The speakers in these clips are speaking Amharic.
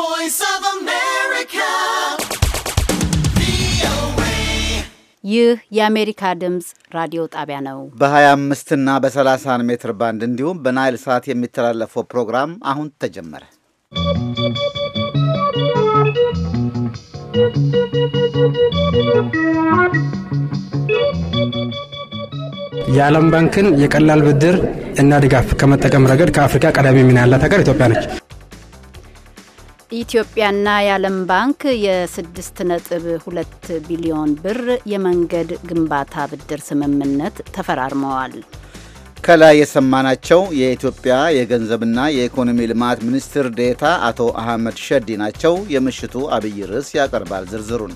voice of America. ይህ የአሜሪካ ድምፅ ራዲዮ ጣቢያ ነው። በ25 እና በ30 ሜትር ባንድ እንዲሁም በናይል ሰዓት የሚተላለፈው ፕሮግራም አሁን ተጀመረ። የዓለም ባንክን የቀላል ብድር እና ድጋፍ ከመጠቀም ረገድ ከአፍሪካ ቀዳሚ ሚና ያላት ሀገር ኢትዮጵያ ነች። ኢትዮጵያና የዓለም ባንክ የ6.2 ቢሊዮን ብር የመንገድ ግንባታ ብድር ስምምነት ተፈራርመዋል። ከላይ የሰማናቸው የኢትዮጵያ የገንዘብና የኢኮኖሚ ልማት ሚኒስትር ዴታ አቶ አህመድ ሸዲ ናቸው። የምሽቱ አብይ ርዕስ ያቀርባል ዝርዝሩን።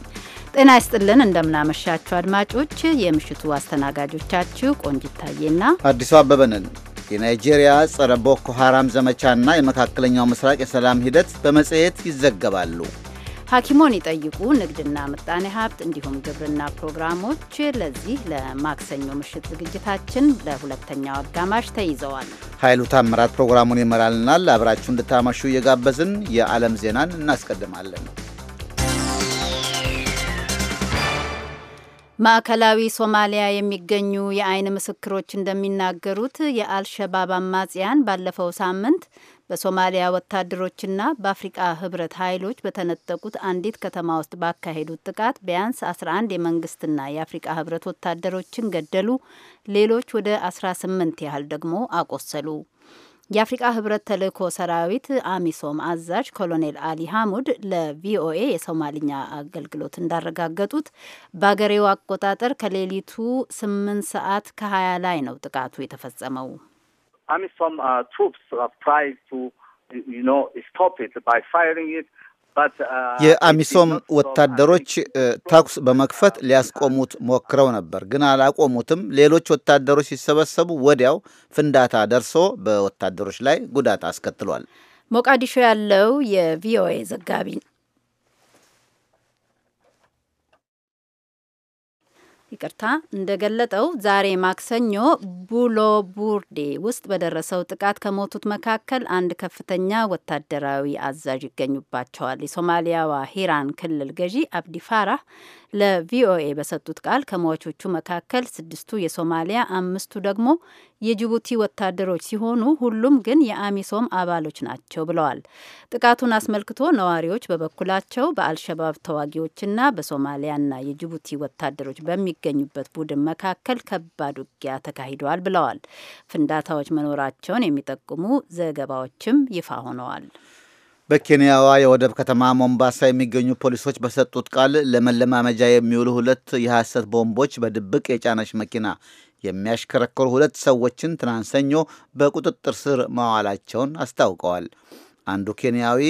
ጤና ይስጥልን እንደምናመሻችሁ አድማጮች። የምሽቱ አስተናጋጆቻችሁ ቆንጅታዬና አዲሱ አበበ ነን። የናይጄሪያ ጸረ ቦኮ ሐራም ዘመቻና የመካከለኛው ምስራቅ የሰላም ሂደት በመጽሔት ይዘገባሉ። ሐኪሞን ይጠይቁ ንግድና ምጣኔ ሀብት እንዲሁም ግብርና ፕሮግራሞች ለዚህ ለማክሰኞ ምሽት ዝግጅታችን ለሁለተኛው አጋማሽ ተይዘዋል። ኃይሉ ታምራት ፕሮግራሙን ይመራልናል። አብራችሁ እንድታመሹ እየጋበዝን የዓለም ዜናን እናስቀድማለን። ማዕከላዊ ሶማሊያ የሚገኙ የአይን ምስክሮች እንደሚናገሩት የአልሸባብ አማጽያን ባለፈው ሳምንት በሶማሊያ ወታደሮችና በአፍሪቃ ህብረት ኃይሎች በተነጠቁት አንዲት ከተማ ውስጥ ባካሄዱት ጥቃት ቢያንስ 11 የመንግስትና የአፍሪቃ ህብረት ወታደሮችን ገደሉ፣ ሌሎች ወደ 18 ያህል ደግሞ አቆሰሉ። የአፍሪቃ ህብረት ተልእኮ ሰራዊት አሚሶም አዛዥ ኮሎኔል አሊ ሀሙድ ለቪኦኤ የሶማልኛ አገልግሎት እንዳረጋገጡት በአገሬው አቆጣጠር ከሌሊቱ ስምንት ሰዓት ከሀያ ላይ ነው ጥቃቱ የተፈጸመው። አሚሶም ትሩፕስ ትራይ ቱ ስቶፕ ኢት ባይ ፋይሪንግ ኢት Uh, የአሚሶም ወታደሮች ተኩስ በመክፈት ሊያስቆሙት ሞክረው ነበር፣ ግን አላቆሙትም። ሌሎች ወታደሮች ሲሰበሰቡ ወዲያው ፍንዳታ ደርሶ በወታደሮች ላይ ጉዳት አስከትሏል። ሞቃዲሾ ያለው የቪኦኤ ዘጋቢ ይቅርታ እንደገለጠው ዛሬ ማክሰኞ ቡሎቡርዴ ውስጥ በደረሰው ጥቃት ከሞቱት መካከል አንድ ከፍተኛ ወታደራዊ አዛዥ ይገኙባቸዋል። የሶማሊያዋ ሂራን ክልል ገዢ አብዲ ፋራህ ለቪኦኤ በሰጡት ቃል ከሟቾቹ መካከል ስድስቱ የሶማሊያ፣ አምስቱ ደግሞ የጅቡቲ ወታደሮች ሲሆኑ ሁሉም ግን የአሚሶም አባሎች ናቸው ብለዋል። ጥቃቱን አስመልክቶ ነዋሪዎች በበኩላቸው በአልሸባብ ተዋጊዎችና በሶማሊያና የጅቡቲ ወታደሮች በሚገኙበት ቡድን መካከል ከባድ ውጊያ ተካሂደዋል ብለዋል። ፍንዳታዎች መኖራቸውን የሚጠቁሙ ዘገባዎችም ይፋ ሆነዋል። በኬንያዋ የወደብ ከተማ ሞምባሳ የሚገኙ ፖሊሶች በሰጡት ቃል ለመለማመጃ የሚውሉ ሁለት የሐሰት ቦምቦች በድብቅ የጫነች መኪና የሚያሽከረክሩ ሁለት ሰዎችን ትናንት ሰኞ በቁጥጥር ስር መዋላቸውን አስታውቀዋል። አንዱ ኬንያዊ፣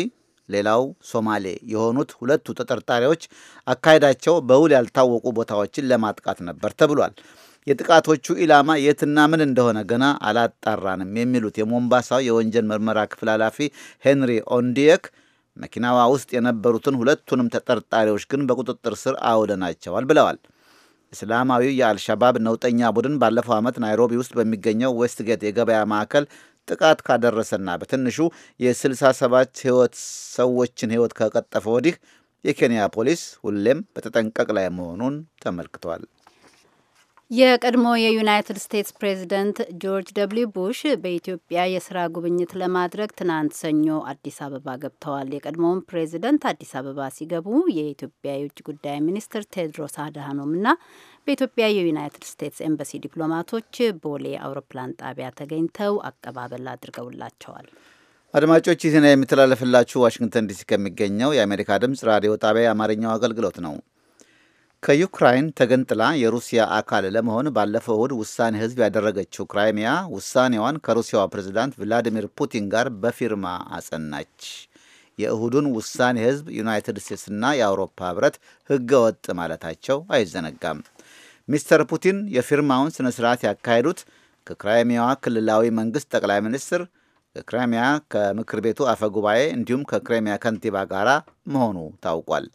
ሌላው ሶማሌ የሆኑት ሁለቱ ተጠርጣሪዎች አካሄዳቸው በውል ያልታወቁ ቦታዎችን ለማጥቃት ነበር ተብሏል። የጥቃቶቹ ኢላማ የትና ምን እንደሆነ ገና አላጣራንም የሚሉት የሞምባሳው የወንጀል ምርመራ ክፍል ኃላፊ ሄንሪ ኦንዲየክ መኪናዋ ውስጥ የነበሩትን ሁለቱንም ተጠርጣሪዎች ግን በቁጥጥር ስር አውለናቸዋል ብለዋል። እስላማዊው የአልሻባብ ነውጠኛ ቡድን ባለፈው ዓመት ናይሮቢ ውስጥ በሚገኘው ዌስትጌት የገበያ ማዕከል ጥቃት ካደረሰና በትንሹ የ67 ሕይወት ሰዎችን ሕይወት ከቀጠፈ ወዲህ የኬንያ ፖሊስ ሁሌም በተጠንቀቅ ላይ መሆኑን ተመልክቷል። የቀድሞ የዩናይትድ ስቴትስ ፕሬዚደንት ጆርጅ ደብሊው ቡሽ በኢትዮጵያ የስራ ጉብኝት ለማድረግ ትናንት ሰኞ አዲስ አበባ ገብተዋል። የቀድሞውን ፕሬዚደንት አዲስ አበባ ሲገቡ የኢትዮጵያ የውጭ ጉዳይ ሚኒስትር ቴድሮስ ና በኢትዮጵያ የዩናይትድ ስቴትስ ኤምባሲ ዲፕሎማቶች ቦሌ አውሮፕላን ጣቢያ ተገኝተው አቀባበል አድርገውላቸዋል። አድማጮች፣ ይህ ዜና የሚተላለፍላችሁ ዋሽንግተን ዲሲ ከሚገኘው የአሜሪካ ድምጽ ራዲዮ ጣቢያ የአማርኛው አገልግሎት ነው። ከዩክራይን ተገንጥላ የሩሲያ አካል ለመሆን ባለፈው እሁድ ውሳኔ ህዝብ ያደረገችው ክራይሚያ ውሳኔዋን ከሩሲያዋ ፕሬዝዳንት ቭላዲሚር ፑቲን ጋር በፊርማ አጸናች። የእሁዱን ውሳኔ ህዝብ ዩናይትድ ስቴትስና የአውሮፓ ህብረት ህገወጥ ወጥ ማለታቸው አይዘነጋም። ሚስተር ፑቲን የፊርማውን ስነ ስርዓት ያካሄዱት ከክራይሚያዋ ክልላዊ መንግስት ጠቅላይ ሚኒስትር፣ ከክራይሚያ ከምክር ቤቱ አፈ ጉባኤ እንዲሁም ከክራይሚያ ከንቲባ ጋር መሆኑ ታውቋል።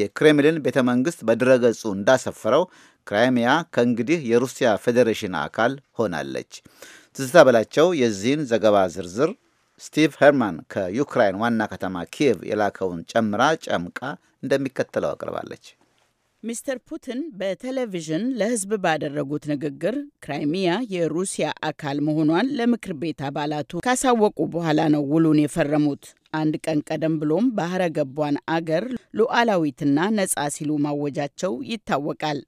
የክሬምሊን ቤተ መንግሥት በድረገጹ እንዳሰፈረው ክራይሚያ ከእንግዲህ የሩሲያ ፌዴሬሽን አካል ሆናለች። ትዝታ በላቸው የዚህን ዘገባ ዝርዝር ስቲቭ ሄርማን ከዩክራይን ዋና ከተማ ኪየቭ የላከውን ጨምራ ጨምቃ እንደሚከተለው አቅርባለች። ሚስተር ፑቲን በቴሌቪዥን ለሕዝብ ባደረጉት ንግግር ክራይሚያ የሩሲያ አካል መሆኗን ለምክር ቤት አባላቱ ካሳወቁ በኋላ ነው ውሉን የፈረሙት። አንድ ቀን ቀደም ብሎም ባህረ ገቧን አገር ሉዓላዊትና ነጻ ሲሉ ማወጃቸው ይታወቃል።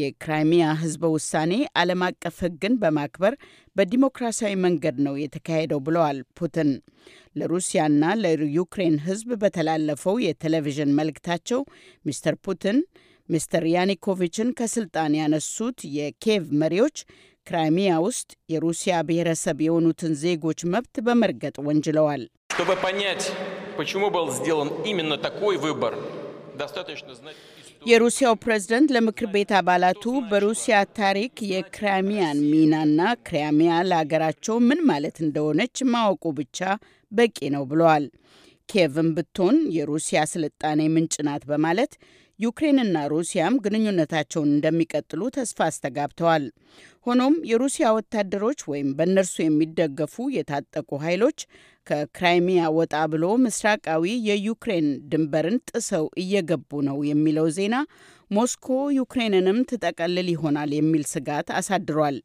የክራይሚያ ህዝበ ውሳኔ ዓለም አቀፍ ሕግን በማክበር በዲሞክራሲያዊ መንገድ ነው የተካሄደው ብለዋል ፑቲን። ለሩሲያና ለዩክሬን ህዝብ በተላለፈው የቴሌቪዥን መልእክታቸው ሚስተር ፑቲን ሚስተር ያኒኮቪችን ከስልጣን ያነሱት የኬቭ መሪዎች ክራይሚያ ውስጥ የሩሲያ ብሔረሰብ የሆኑትን ዜጎች መብት በመርገጥ ወንጅለዋል። Чтобы понять, почему был сделан именно такой выбор, достаточно знать... የሩሲያው ፕሬዝደንት ለምክር ቤት አባላቱ በሩሲያ ታሪክ የክራሚያን ሚናና ክራሚያ ለሀገራቸው ምን ማለት እንደሆነች ማወቁ ብቻ በቂ ነው ብለዋል። ኬቭን ብትሆን የሩሲያ ስልጣኔ ምንጭ ናት በማለት ዩክሬንና ሩሲያም ግንኙነታቸውን እንደሚቀጥሉ ተስፋ አስተጋብተዋል። ሆኖም የሩሲያ ወታደሮች ወይም በእነርሱ የሚደገፉ የታጠቁ ኃይሎች ከክራይሚያ ወጣ ብሎ ምስራቃዊ የዩክሬን ድንበርን ጥሰው እየገቡ ነው የሚለው ዜና ሞስኮ ዩክሬንንም ትጠቀልል ይሆናል የሚል ስጋት አሳድሯል።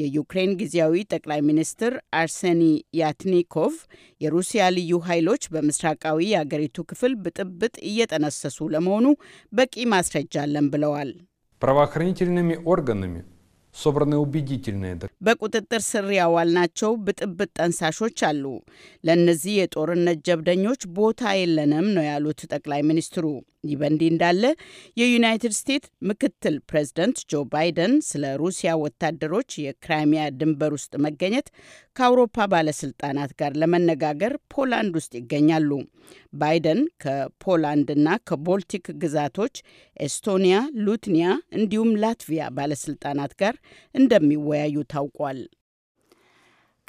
የዩክሬን ጊዜያዊ ጠቅላይ ሚኒስትር አርሰኒ ያትኒኮቭ የሩሲያ ልዩ ኃይሎች በምስራቃዊ የአገሪቱ ክፍል ብጥብጥ እየጠነሰሱ ለመሆኑ በቂ ማስረጃ አለን ብለዋል። በቁጥጥር ስር ያዋልናቸው ብጥብጥ ጠንሳሾች አሉ። ለእነዚህ የጦርነት ጀብደኞች ቦታ የለንም ነው ያሉት ጠቅላይ ሚኒስትሩ ይህ በእንዲህ እንዳለ የዩናይትድ ስቴትስ ምክትል ፕሬዝደንት ጆ ባይደን ስለ ሩሲያ ወታደሮች የክራይሚያ ድንበር ውስጥ መገኘት ከአውሮፓ ባለስልጣናት ጋር ለመነጋገር ፖላንድ ውስጥ ይገኛሉ። ባይደን ከፖላንድና ከቦልቲክ ግዛቶች ኤስቶኒያ፣ ሉትኒያ እንዲሁም ላትቪያ ባለስልጣናት ጋር እንደሚወያዩ ታውቋል።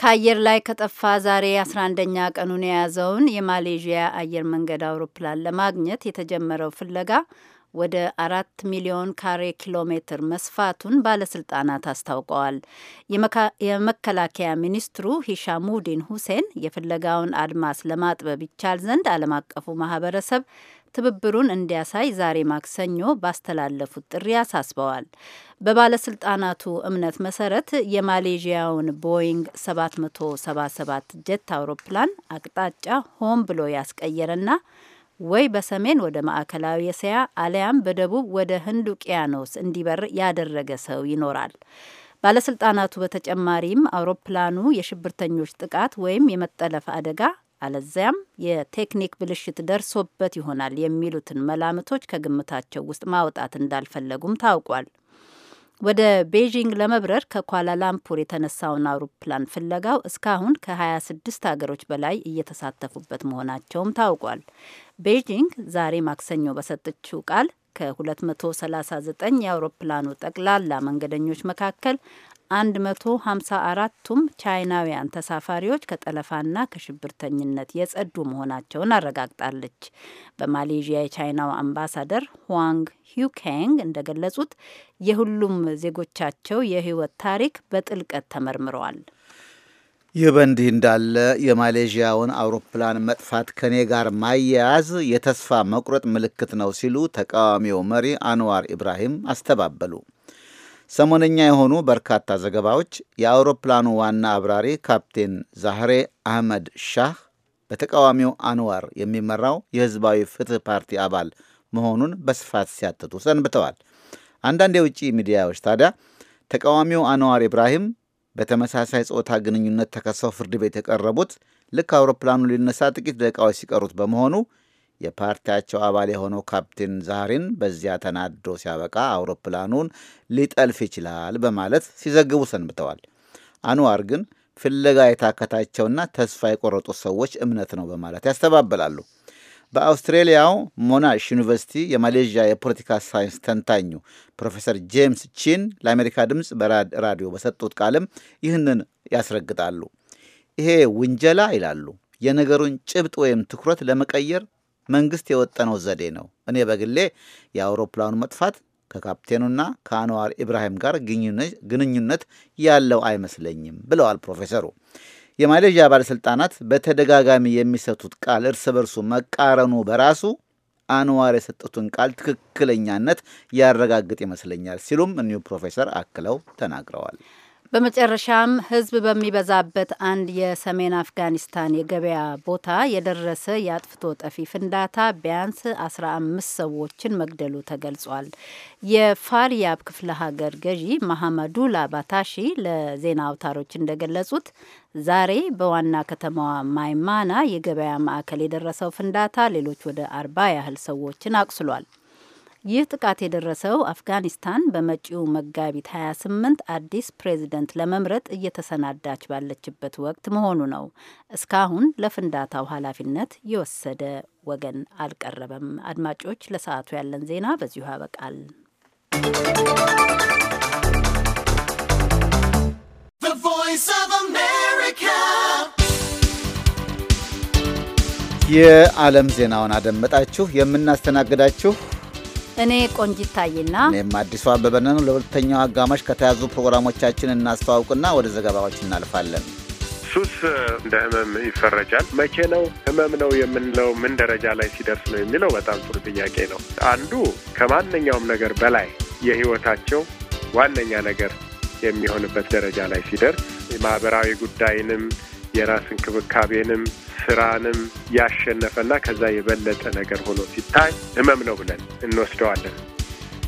ከአየር ላይ ከጠፋ ዛሬ 11ኛ ቀኑን የያዘውን የማሌዥያ አየር መንገድ አውሮፕላን ለማግኘት የተጀመረው ፍለጋ ወደ አራት ሚሊዮን ካሬ ኪሎ ሜትር መስፋቱን ባለስልጣናት አስታውቀዋል። የመከላከያ ሚኒስትሩ ሂሻሙዲን ሁሴን የፍለጋውን አድማስ ለማጥበብ ይቻል ዘንድ ዓለም አቀፉ ማህበረሰብ ትብብሩን እንዲያሳይ ዛሬ ማክሰኞ ባስተላለፉት ጥሪ አሳስበዋል። በባለስልጣናቱ እምነት መሰረት የማሌዥያውን ቦይንግ 777 ጀት አውሮፕላን አቅጣጫ ሆን ብሎ ያስቀየረና ወይ በሰሜን ወደ ማዕከላዊ እስያ አሊያም በደቡብ ወደ ህንድ ውቅያኖስ እንዲበር ያደረገ ሰው ይኖራል። ባለስልጣናቱ በተጨማሪም አውሮፕላኑ የሽብርተኞች ጥቃት ወይም የመጠለፍ አደጋ አለዚያም የቴክኒክ ብልሽት ደርሶበት ይሆናል የሚሉትን መላምቶች ከግምታቸው ውስጥ ማውጣት እንዳልፈለጉም ታውቋል። ወደ ቤይዥንግ ለመብረር ከኳላላምፑር የተነሳውን አውሮፕላን ፍለጋው እስካሁን ከ26 ሀገሮች በላይ እየተሳተፉበት መሆናቸውም ታውቋል። ቤይጂንግ ዛሬ ማክሰኞ በሰጠችው ቃል ከ239 የአውሮፕላኑ ጠቅላላ መንገደኞች መካከል 154ቱም ቻይናውያን ተሳፋሪዎች ከጠለፋና ከሽብርተኝነት የጸዱ መሆናቸውን አረጋግጣለች። በማሌዥያ የቻይናው አምባሳደር ሁዋንግ ሂውካንግ እንደገለጹት የሁሉም ዜጎቻቸው የህይወት ታሪክ በጥልቀት ተመርምረዋል። ይህ በእንዲህ እንዳለ የማሌዥያውን አውሮፕላን መጥፋት ከኔ ጋር ማያያዝ የተስፋ መቁረጥ ምልክት ነው ሲሉ ተቃዋሚው መሪ አንዋር ኢብራሂም አስተባበሉ። ሰሞነኛ የሆኑ በርካታ ዘገባዎች የአውሮፕላኑ ዋና አብራሪ ካፕቴን ዛህሬ አህመድ ሻህ በተቃዋሚው አንዋር የሚመራው የህዝባዊ ፍትህ ፓርቲ አባል መሆኑን በስፋት ሲያትቱ ሰንብተዋል። አንዳንድ የውጭ ሚዲያዎች ታዲያ ተቃዋሚው አንዋር ኢብራሂም በተመሳሳይ ጾታ ግንኙነት ተከሰው ፍርድ ቤት የቀረቡት ልክ አውሮፕላኑ ሊነሳ ጥቂት ደቂቃዎች ሲቀሩት በመሆኑ የፓርቲያቸው አባል የሆነው ካፕቴን ዛሪን በዚያ ተናዶ ሲያበቃ አውሮፕላኑን ሊጠልፍ ይችላል በማለት ሲዘግቡ ሰንብተዋል። አንዋር ግን ፍለጋ የታከታቸውና ተስፋ የቆረጡ ሰዎች እምነት ነው በማለት ያስተባብላሉ። በአውስትሬሊያው ሞናሽ ዩኒቨርሲቲ የማሌዥያ የፖለቲካ ሳይንስ ተንታኙ ፕሮፌሰር ጄምስ ቺን ለአሜሪካ ድምፅ በራዲዮ በሰጡት ቃልም ይህንን ያስረግጣሉ። ይሄ ውንጀላ ይላሉ የነገሩን ጭብጥ ወይም ትኩረት ለመቀየር መንግስት የወጠነው ዘዴ ነው። እኔ በግሌ የአውሮፕላኑ መጥፋት ከካፕቴኑና ከአንዋር ኢብራሂም ጋር ግንኙነት ያለው አይመስለኝም ብለዋል ፕሮፌሰሩ። የማሌዥያ ባለሥልጣናት በተደጋጋሚ የሚሰጡት ቃል እርስ በርሱ መቃረኑ በራሱ አንዋር የሰጡትን ቃል ትክክለኛነት ያረጋግጥ ይመስለኛል ሲሉም እኒሁ ፕሮፌሰር አክለው ተናግረዋል። በመጨረሻም ህዝብ በሚበዛበት አንድ የሰሜን አፍጋኒስታን የገበያ ቦታ የደረሰ የአጥፍቶ ጠፊ ፍንዳታ ቢያንስ 15 ሰዎችን መግደሉ ተገልጿል። የፋርያብ ክፍለ ሀገር ገዢ መሐመዱ ላባታሺ ለዜና አውታሮች እንደገለጹት ዛሬ በዋና ከተማዋ ማይማና የገበያ ማዕከል የደረሰው ፍንዳታ ሌሎች ወደ አርባ ያህል ሰዎችን አቁስሏል። ይህ ጥቃት የደረሰው አፍጋኒስታን በመጪው መጋቢት 28 አዲስ ፕሬዚደንት ለመምረጥ እየተሰናዳች ባለችበት ወቅት መሆኑ ነው። እስካሁን ለፍንዳታው ኃላፊነት የወሰደ ወገን አልቀረበም። አድማጮች፣ ለሰዓቱ ያለን ዜና በዚሁ ያበቃል። የዓለም ዜናውን አደመጣችሁ። የምናስተናግዳችሁ እኔ ቆንጅ ታይና እኔም አዲሱ አበበንን ለሁለተኛው አጋማሽ ከተያዙ ፕሮግራሞቻችን እናስተዋውቅና ወደ ዘገባዎች እናልፋለን። ሱስ እንደ ህመም ይፈረጃል። መቼ ነው ህመም ነው የምንለው? ምን ደረጃ ላይ ሲደርስ ነው የሚለው በጣም ጥሩ ጥያቄ ነው። አንዱ ከማንኛውም ነገር በላይ የህይወታቸው ዋነኛ ነገር የሚሆንበት ደረጃ ላይ ሲደርስ የማህበራዊ ጉዳይንም የራስ እንክብካቤንም ስራንም ያሸነፈና ከዛ የበለጠ ነገር ሆኖ ሲታይ ህመም ነው ብለን እንወስደዋለን።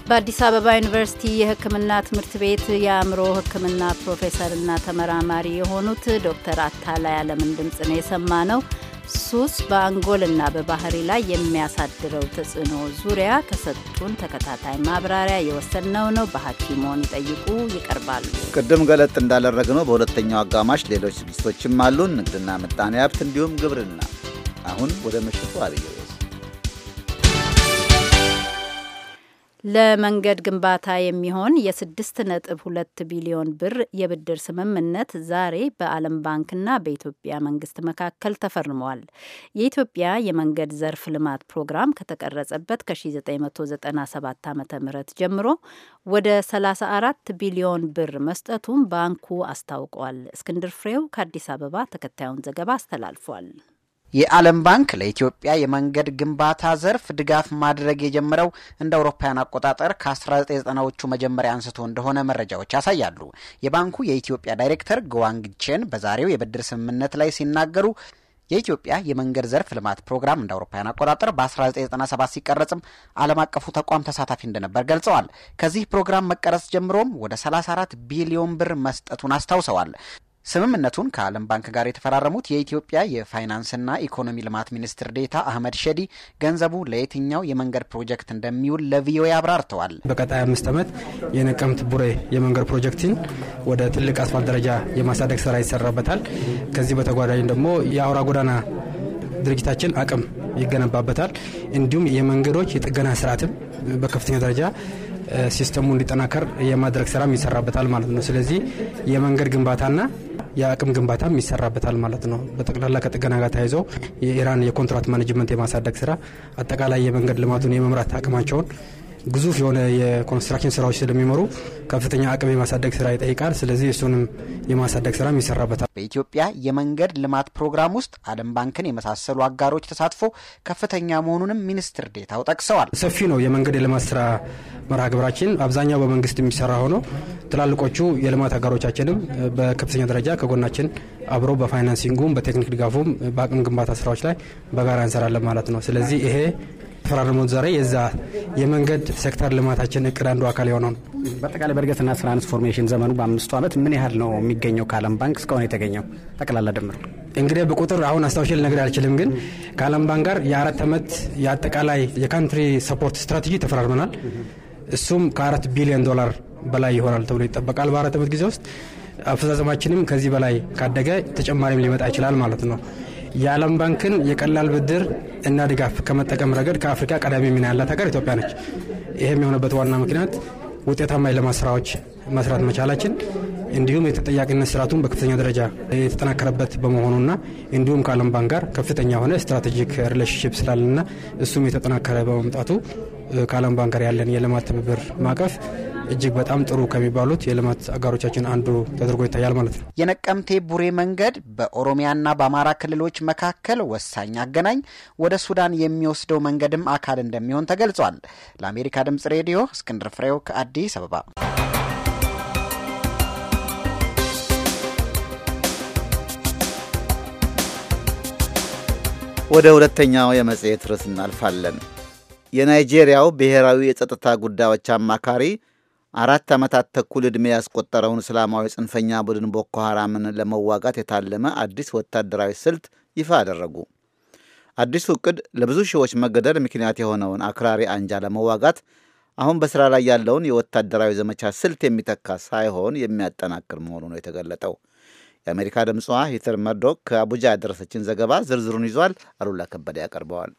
በአዲስ አበባ ዩኒቨርሲቲ የሕክምና ትምህርት ቤት የአእምሮ ሕክምና ፕሮፌሰርና ተመራማሪ የሆኑት ዶክተር አታላይ አለምን ድምፅ ነው የሰማ ነው። ሱስ በአንጎልና በባህሪ ላይ የሚያሳድረው ተጽዕኖ ዙሪያ ከሰጡን ተከታታይ ማብራሪያ የወሰድነው ነው። በሐኪሞን ይጠይቁ ይቀርባሉ። ቅድም ገለጥ ነው በሁለተኛው አጋማሽ ሌሎች ዝግጅቶችም አሉን። ንግድና ምጣኔ ሀብት እንዲሁም ግብርና። አሁን ወደ ምሽቱ አብይ ለመንገድ ግንባታ የሚሆን የስድስት ነጥብ ሁለት ቢሊዮን ብር የብድር ስምምነት ዛሬ በዓለም ባንክና በኢትዮጵያ መንግስት መካከል ተፈርሟል። የኢትዮጵያ የመንገድ ዘርፍ ልማት ፕሮግራም ከተቀረጸበት ከ1997 ዓ ም ጀምሮ ወደ 34 ቢሊዮን ብር መስጠቱን ባንኩ አስታውቋል። እስክንድር ፍሬው ከአዲስ አበባ ተከታዩን ዘገባ አስተላልፏል። የዓለም ባንክ ለኢትዮጵያ የመንገድ ግንባታ ዘርፍ ድጋፍ ማድረግ የጀመረው እንደ አውሮፓውያን አቆጣጠር ከ1990ዎቹ መጀመሪያ አንስቶ እንደሆነ መረጃዎች ያሳያሉ። የባንኩ የኢትዮጵያ ዳይሬክተር ጎዋንግቼን በዛሬው የብድር ስምምነት ላይ ሲናገሩ የኢትዮጵያ የመንገድ ዘርፍ ልማት ፕሮግራም እንደ አውሮፓውያን አቆጣጠር በ1997 ሲቀረጽም ዓለም አቀፉ ተቋም ተሳታፊ እንደነበር ገልጸዋል። ከዚህ ፕሮግራም መቀረጽ ጀምሮም ወደ 34 ቢሊዮን ብር መስጠቱን አስታውሰዋል። ስምምነቱን ከዓለም ባንክ ጋር የተፈራረሙት የኢትዮጵያ የፋይናንስና ኢኮኖሚ ልማት ሚኒስትር ዴታ አህመድ ሸዲ ገንዘቡ ለየትኛው የመንገድ ፕሮጀክት እንደሚውል ለቪኦኤ አብራርተዋል። በቀጣይ አምስት ዓመት የነቀምት ቡሬ የመንገድ ፕሮጀክትን ወደ ትልቅ አስፋልት ደረጃ የማሳደግ ስራ ይሰራበታል። ከዚህ በተጓዳኝ ደግሞ የአውራ ጎዳና ድርጅታችን አቅም ይገነባበታል። እንዲሁም የመንገዶች የጥገና ስርዓትም በከፍተኛ ደረጃ ሲስተሙ እንዲጠናከር የማድረግ ስራም ይሰራበታል ማለት ነው። ስለዚህ የመንገድ ግንባታና የአቅም ግንባታም ይሰራበታል ማለት ነው። በጠቅላላ ከጥገና ጋር ተያይዘው የኢራን የኮንትራት ማኔጅመንት የማሳደግ ስራ፣ አጠቃላይ የመንገድ ልማቱን የመምራት አቅማቸውን ግዙፍ የሆነ የኮንስትራክሽን ስራዎች ስለሚኖሩ ከፍተኛ አቅም የማሳደግ ስራ ይጠይቃል። ስለዚህ እሱንም የማሳደግ ስራም ይሰራበታል። በኢትዮጵያ የመንገድ ልማት ፕሮግራም ውስጥ ዓለም ባንክን የመሳሰሉ አጋሮች ተሳትፎ ከፍተኛ መሆኑንም ሚኒስትር ዴታው ጠቅሰዋል። ሰፊ ነው የመንገድ የልማት ስራ መርሃ ግብራችን አብዛኛው በመንግስት የሚሰራ ሆኖ ትላልቆቹ የልማት አጋሮቻችንም በከፍተኛ ደረጃ ከጎናችን አብሮ በፋይናንሲንጉም በቴክኒክ ድጋፉም በአቅም ግንባታ ስራዎች ላይ በጋራ እንሰራለን ማለት ነው። ስለዚህ ይሄ የተፈራረሙት ዛሬ የዛ የመንገድ ሴክተር ልማታችን እቅድ አንዱ አካል የሆነው ነው። በአጠቃላይ በእድገትና ትራንስፎርሜሽን ዘመኑ በአምስቱ ዓመት ምን ያህል ነው የሚገኘው? ከዓለም ባንክ እስካሁን የተገኘው ጠቅላላ ድምር እንግዲህ በቁጥር አሁን አስታውሼ ልነግር አልችልም፣ ግን ከዓለም ባንክ ጋር የአራት ዓመት የአጠቃላይ የካንትሪ ሰፖርት ስትራቴጂ ተፈራርመናል። እሱም ከአራት ቢሊዮን ዶላር በላይ ይሆናል ተብሎ ይጠበቃል። በአራት ዓመት ጊዜ ውስጥ አፈጻጸማችንም ከዚህ በላይ ካደገ ተጨማሪም ሊመጣ ይችላል ማለት ነው። የዓለም ባንክን የቀላል ብድር እና ድጋፍ ከመጠቀም ረገድ ከአፍሪካ ቀዳሚ ሚና ያላት ሀገር ኢትዮጵያ ነች። ይህም የሆነበት ዋና ምክንያት ውጤታማ የልማት ስራዎች መስራት መቻላችን እንዲሁም የተጠያቂነት ስርዓቱን በከፍተኛ ደረጃ የተጠናከረበት በመሆኑና እንዲሁም ከዓለም ባንክ ጋር ከፍተኛ የሆነ ስትራቴጂክ ሪሌሽንሽፕ ስላለና እሱም የተጠናከረ በመምጣቱ ከዓለም ባንክ ጋር ያለን የልማት ትብብር ማዕቀፍ እጅግ በጣም ጥሩ ከሚባሉት የልማት አጋሮቻችን አንዱ ተደርጎ ይታያል ማለት ነው። የነቀምቴ ቡሬ መንገድ በኦሮሚያና በአማራ ክልሎች መካከል ወሳኝ አገናኝ፣ ወደ ሱዳን የሚወስደው መንገድም አካል እንደሚሆን ተገልጿል። ለአሜሪካ ድምጽ ሬዲዮ እስክንድር ፍሬው ከአዲስ አበባ። ወደ ሁለተኛው የመጽሔት ርዕስ እናልፋለን። የናይጄሪያው ብሔራዊ የጸጥታ ጉዳዮች አማካሪ አራት ዓመታት ተኩል ዕድሜ ያስቆጠረውን እስላማዊ ጽንፈኛ ቡድን ቦኮ ሐራምን ለመዋጋት የታለመ አዲስ ወታደራዊ ስልት ይፋ አደረጉ። አዲሱ ዕቅድ ለብዙ ሺዎች መገደል ምክንያት የሆነውን አክራሪ አንጃ ለመዋጋት አሁን በሥራ ላይ ያለውን የወታደራዊ ዘመቻ ስልት የሚተካ ሳይሆን የሚያጠናክር መሆኑ ነው የተገለጠው። የአሜሪካ ድምፅዋ ሂተር መርዶክ ከአቡጃ ያደረሰችን ዘገባ ዝርዝሩን ይዟል። አሉላ ከበደ ያቀርበዋል።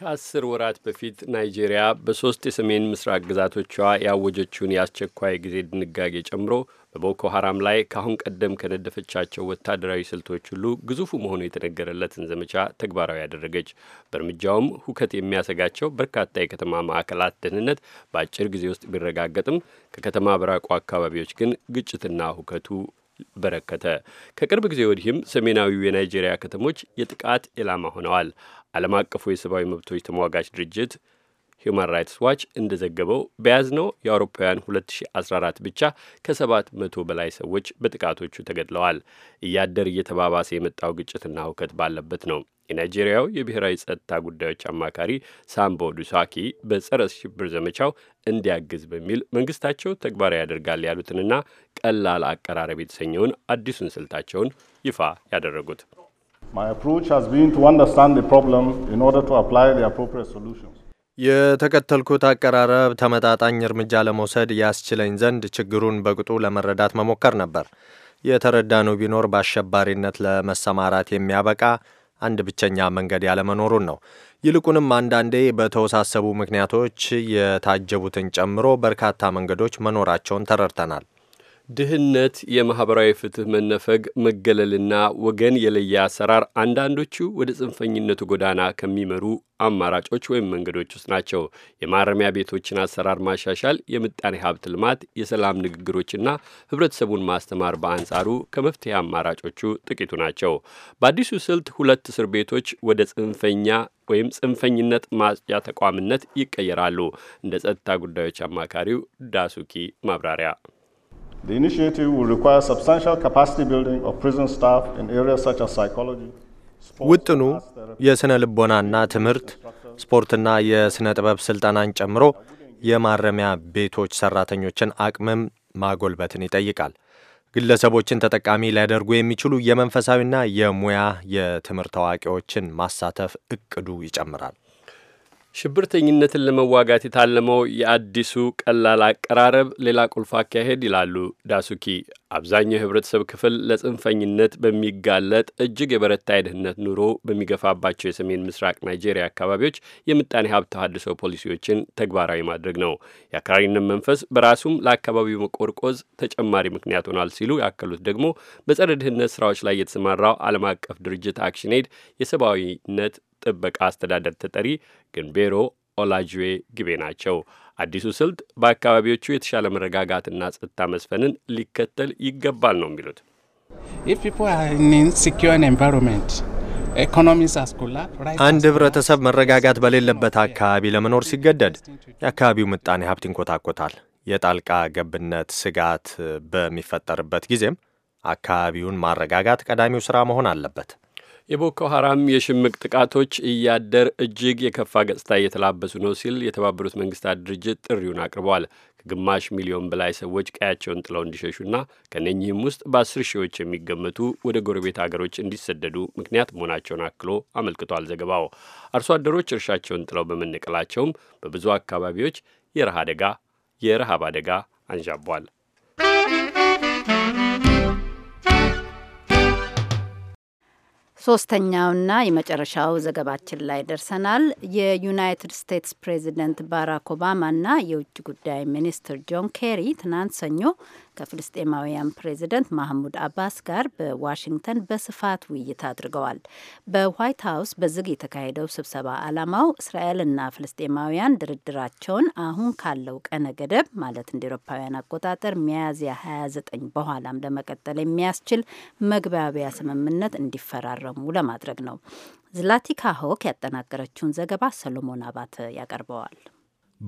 ከአስር ወራት በፊት ናይጄሪያ በሶስት የሰሜን ምስራቅ ግዛቶቿ ያወጀችውን የአስቸኳይ ጊዜ ድንጋጌ ጨምሮ በቦኮ ሀራም ላይ ከአሁን ቀደም ከነደፈቻቸው ወታደራዊ ስልቶች ሁሉ ግዙፉ መሆኑ የተነገረለትን ዘመቻ ተግባራዊ ያደረገች። በእርምጃውም ሁከት የሚያሰጋቸው በርካታ የከተማ ማዕከላት ደህንነት በአጭር ጊዜ ውስጥ ቢረጋገጥም ከከተማ በራቁ አካባቢዎች ግን ግጭትና ሁከቱ በረከተ። ከቅርብ ጊዜ ወዲህም ሰሜናዊው የናይጄሪያ ከተሞች የጥቃት ኢላማ ሆነዋል። ዓለም አቀፉ የሰብአዊ መብቶች ተሟጋች ድርጅት ሁማን ራይትስ ዋች እንደዘገበው በያዝነው የአውሮፓውያን 2014 ብቻ ከ700 በላይ ሰዎች በጥቃቶቹ ተገድለዋል። እያደር እየተባባሰ የመጣው ግጭትና እውከት ባለበት ነው። የናይጄሪያው የብሔራዊ ጸጥታ ጉዳዮች አማካሪ ሳምቦ ዱሳኪ በጸረ ሽብር ዘመቻው እንዲያግዝ በሚል መንግስታቸው ተግባራዊ ያደርጋል ያሉትንና ቀላል አቀራረብ የተሰኘውን አዲሱን ስልታቸውን ይፋ ያደረጉት የተከተልኩት አቀራረብ ተመጣጣኝ እርምጃ ለመውሰድ ያስችለኝ ዘንድ ችግሩን በቅጡ ለመረዳት መሞከር ነበር። የተረዳነው ቢኖር በአሸባሪነት ለመሰማራት የሚያበቃ አንድ ብቸኛ መንገድ ያለመኖሩን ነው። ይልቁንም አንዳንዴ በተወሳሰቡ ምክንያቶች የታጀቡትን ጨምሮ በርካታ መንገዶች መኖራቸውን ተረድተናል። ድህነት የማኅበራዊ ፍትሕ መነፈግ መገለልና ወገን የለየ አሰራር አንዳንዶቹ ወደ ጽንፈኝነቱ ጎዳና ከሚመሩ አማራጮች ወይም መንገዶች ውስጥ ናቸው። የማረሚያ ቤቶችን አሰራር ማሻሻል፣ የምጣኔ ሀብት ልማት፣ የሰላም ንግግሮችና ህብረተሰቡን ማስተማር በአንጻሩ ከመፍትሄ አማራጮቹ ጥቂቱ ናቸው። በአዲሱ ስልት ሁለት እስር ቤቶች ወደ ጽንፈኛ ወይም ጽንፈኝነት ማጽጃ ተቋምነት ይቀየራሉ። እንደ ጸጥታ ጉዳዮች አማካሪው ዳሱኪ ማብራሪያ The initiative will require substantial capacity building of prison staff in areas such as psychology. ውጥኑ የሥነ ልቦናና ትምህርት፣ ስፖርትና የሥነ ጥበብ ሥልጠናን ጨምሮ የማረሚያ ቤቶች ሠራተኞችን አቅምም ማጎልበትን ይጠይቃል። ግለሰቦችን ተጠቃሚ ሊያደርጉ የሚችሉ የመንፈሳዊና የሙያ የትምህርት አዋቂዎችን ማሳተፍ እቅዱ ይጨምራል። ሽብርተኝነትን ለመዋጋት የታለመው የአዲሱ ቀላል አቀራረብ ሌላ ቁልፍ አካሄድ ይላሉ ዳሱኪ። አብዛኛው የህብረተሰብ ክፍል ለጽንፈኝነት በሚጋለጥ እጅግ የበረታ የድህነት ኑሮ በሚገፋባቸው የሰሜን ምስራቅ ናይጄሪያ አካባቢዎች የምጣኔ ሀብት ተሃድሶ ፖሊሲዎችን ተግባራዊ ማድረግ ነው። የአክራሪነት መንፈስ በራሱም ለአካባቢው መቆርቆዝ ተጨማሪ ምክንያት ሆኗል ሲሉ ያከሉት ደግሞ በጸረ ድህነት ስራዎች ላይ የተሰማራው ዓለም አቀፍ ድርጅት አክሽን ኤድ የሰብአዊነት ጥበቃ አስተዳደር ተጠሪ ግንቤሮ ኦላጅዌ ግቤ ናቸው። አዲሱ ስልት በአካባቢዎቹ የተሻለ መረጋጋትና ጸጥታ መስፈንን ሊከተል ይገባል ነው የሚሉት። አንድ ህብረተሰብ መረጋጋት በሌለበት አካባቢ ለመኖር ሲገደድ የአካባቢው ምጣኔ ሀብት ይንኮታኮታል። የጣልቃ ገብነት ስጋት በሚፈጠርበት ጊዜም አካባቢውን ማረጋጋት ቀዳሚው ስራ መሆን አለበት። የቦኮ ሀራም የሽምቅ ጥቃቶች እያደር እጅግ የከፋ ገጽታ እየተላበሱ ነው ሲል የተባበሩት መንግስታት ድርጅት ጥሪውን አቅርቧል። ከግማሽ ሚሊዮን በላይ ሰዎች ቀያቸውን ጥለው እንዲሸሹና ከነኚህም ውስጥ በአስር ሺዎች የሚገመቱ ወደ ጎረቤት አገሮች እንዲሰደዱ ምክንያት መሆናቸውን አክሎ አመልክቷል ዘገባው። አርሶ አደሮች እርሻቸውን ጥለው በመነቀላቸውም በብዙ አካባቢዎች የረሃ አደጋ የረሃብ አደጋ አንዣቧል። ሶስተኛውና የመጨረሻው ዘገባችን ላይ ደርሰናል። የዩናይትድ ስቴትስ ፕሬዚደንት ባራክ ኦባማና የውጭ ጉዳይ ሚኒስትር ጆን ኬሪ ትናንት ሰኞ ከፍልስጤማውያን ፕሬዚደንት ማህሙድ አባስ ጋር በዋሽንግተን በስፋት ውይይት አድርገዋል። በዋይት ሀውስ በዝግ የተካሄደው ስብሰባ ዓላማው እስራኤልና ፍልስጤማውያን ድርድራቸውን አሁን ካለው ቀነ ገደብ ማለት እንደ ኤሮፓውያን አቆጣጠር ሚያዝያ 29 በኋላም ለመቀጠል የሚያስችል መግባቢያ ስምምነት እንዲፈራረሙ ለማድረግ ነው። ዝላቲካ ሆክ ያጠናቀረችውን ዘገባ ሰሎሞን አባተ ያቀርበዋል።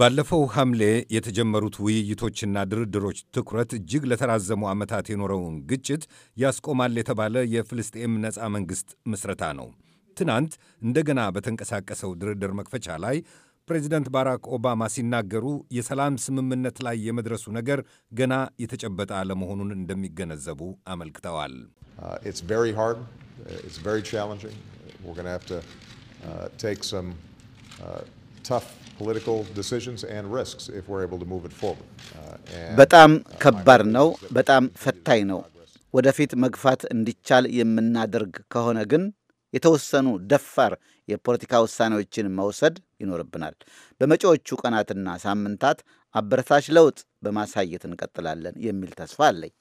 ባለፈው ሐምሌ የተጀመሩት ውይይቶችና ድርድሮች ትኩረት እጅግ ለተራዘሙ ዓመታት የኖረውን ግጭት ያስቆማል የተባለ የፍልስጤም ነፃ መንግሥት ምስረታ ነው። ትናንት እንደገና በተንቀሳቀሰው ድርድር መክፈቻ ላይ ፕሬዚደንት ባራክ ኦባማ ሲናገሩ የሰላም ስምምነት ላይ የመድረሱ ነገር ገና የተጨበጠ አለመሆኑን እንደሚገነዘቡ አመልክተዋል። uh, በጣም ከባድ ነው። በጣም ፈታኝ ነው። ወደፊት መግፋት እንዲቻል የምናደርግ ከሆነ ግን የተወሰኑ ደፋር የፖለቲካ ውሳኔዎችን መውሰድ ይኖርብናል። በመጪዎቹ ቀናትና ሳምንታት አበረታች ለውጥ በማሳየት እንቀጥላለን የሚል ተስፋ አለኝ።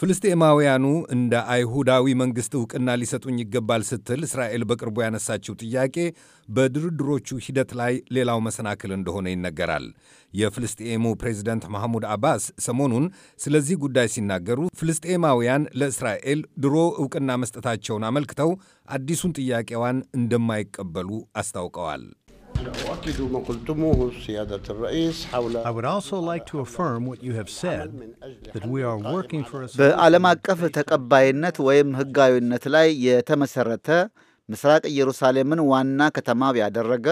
ፍልስጤማውያኑ እንደ አይሁዳዊ መንግሥት ዕውቅና ሊሰጡኝ ይገባል ስትል እስራኤል በቅርቡ ያነሳችው ጥያቄ በድርድሮቹ ሂደት ላይ ሌላው መሰናክል እንደሆነ ይነገራል። የፍልስጤሙ ፕሬዚደንት ማሐሙድ አባስ ሰሞኑን ስለዚህ ጉዳይ ሲናገሩ ፍልስጤማውያን ለእስራኤል ድሮ ዕውቅና መስጠታቸውን አመልክተው አዲሱን ጥያቄዋን እንደማይቀበሉ አስታውቀዋል። በዓለም አቀፍ ተቀባይነት ወይም ሕጋዊነት ላይ የተመሰረተ ምስራቅ ኢየሩሳሌምን ዋና ከተማ ያደረገ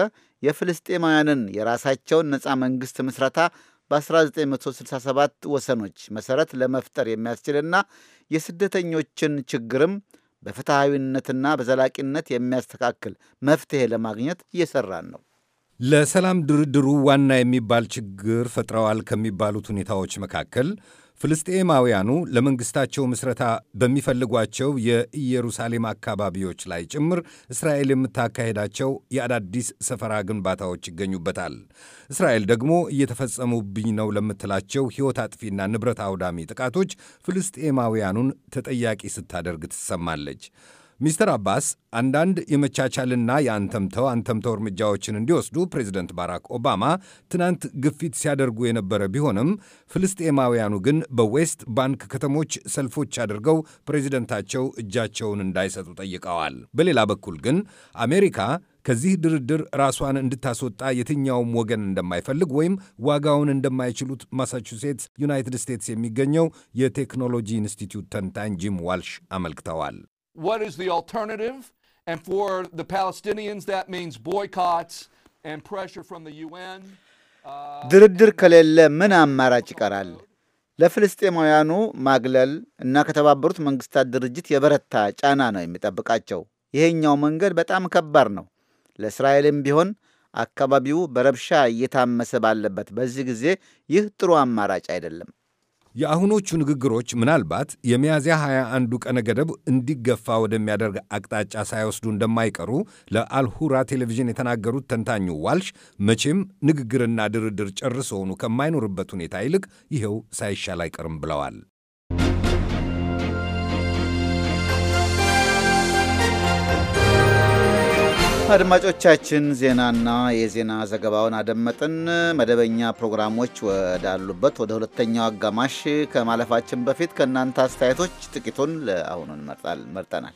የፍልስጤማውያንን የራሳቸውን ነፃ መንግሥት ምስረታ በ1967 ወሰኖች መሠረት ለመፍጠር የሚያስችልና የስደተኞችን ችግርም በፍትሐዊነትና በዘላቂነት የሚያስተካክል መፍትሔ ለማግኘት እየሠራን ነው። ለሰላም ድርድሩ ዋና የሚባል ችግር ፈጥረዋል ከሚባሉት ሁኔታዎች መካከል ፍልስጤማውያኑ ለመንግሥታቸው ምስረታ በሚፈልጓቸው የኢየሩሳሌም አካባቢዎች ላይ ጭምር እስራኤል የምታካሄዳቸው የአዳዲስ ሰፈራ ግንባታዎች ይገኙበታል። እስራኤል ደግሞ እየተፈጸሙብኝ ነው ለምትላቸው ሕይወት አጥፊና ንብረት አውዳሚ ጥቃቶች ፍልስጤማውያኑን ተጠያቂ ስታደርግ ትሰማለች። ሚስተር አባስ አንዳንድ የመቻቻልና የአንተምተው አንተምተው እርምጃዎችን እንዲወስዱ ፕሬዚደንት ባራክ ኦባማ ትናንት ግፊት ሲያደርጉ የነበረ ቢሆንም ፍልስጤማውያኑ ግን በዌስት ባንክ ከተሞች ሰልፎች አድርገው ፕሬዚደንታቸው እጃቸውን እንዳይሰጡ ጠይቀዋል። በሌላ በኩል ግን አሜሪካ ከዚህ ድርድር ራሷን እንድታስወጣ የትኛውም ወገን እንደማይፈልግ ወይም ዋጋውን እንደማይችሉት ማሳቹሴትስ ዩናይትድ ስቴትስ የሚገኘው የቴክኖሎጂ ኢንስቲትዩት ተንታኝ ጂም ዋልሽ አመልክተዋል። what is the alternative? And for the Palestinians, that means boycotts and pressure from the UN. Uh, ድርድር ከሌለ ምን አማራጭ ይቀራል? ለፍልስጤማውያኑ ማግለል እና ከተባበሩት መንግስታት ድርጅት የበረታ ጫና ነው የሚጠብቃቸው። ይሄኛው መንገድ በጣም ከባድ ነው። ለእስራኤልም ቢሆን አካባቢው በረብሻ እየታመሰ ባለበት በዚህ ጊዜ ይህ ጥሩ አማራጭ አይደለም። የአሁኖቹ ንግግሮች ምናልባት የሚያዝያ 21 ቀነ ገደብ እንዲገፋ ወደሚያደርግ አቅጣጫ ሳይወስዱ እንደማይቀሩ ለአልሁራ ቴሌቪዥን የተናገሩት ተንታኙ ዋልሽ መቼም ንግግርና ድርድር ጨርሶ ሆኑ ከማይኖርበት ሁኔታ ይልቅ ይኸው ሳይሻል አይቀርም ብለዋል። አድማጮቻችን ዜናና የዜና ዘገባውን አደመጥን። መደበኛ ፕሮግራሞች ወዳሉበት ወደ ሁለተኛው አጋማሽ ከማለፋችን በፊት ከእናንተ አስተያየቶች ጥቂቱን ለአሁኑ መርጠናል።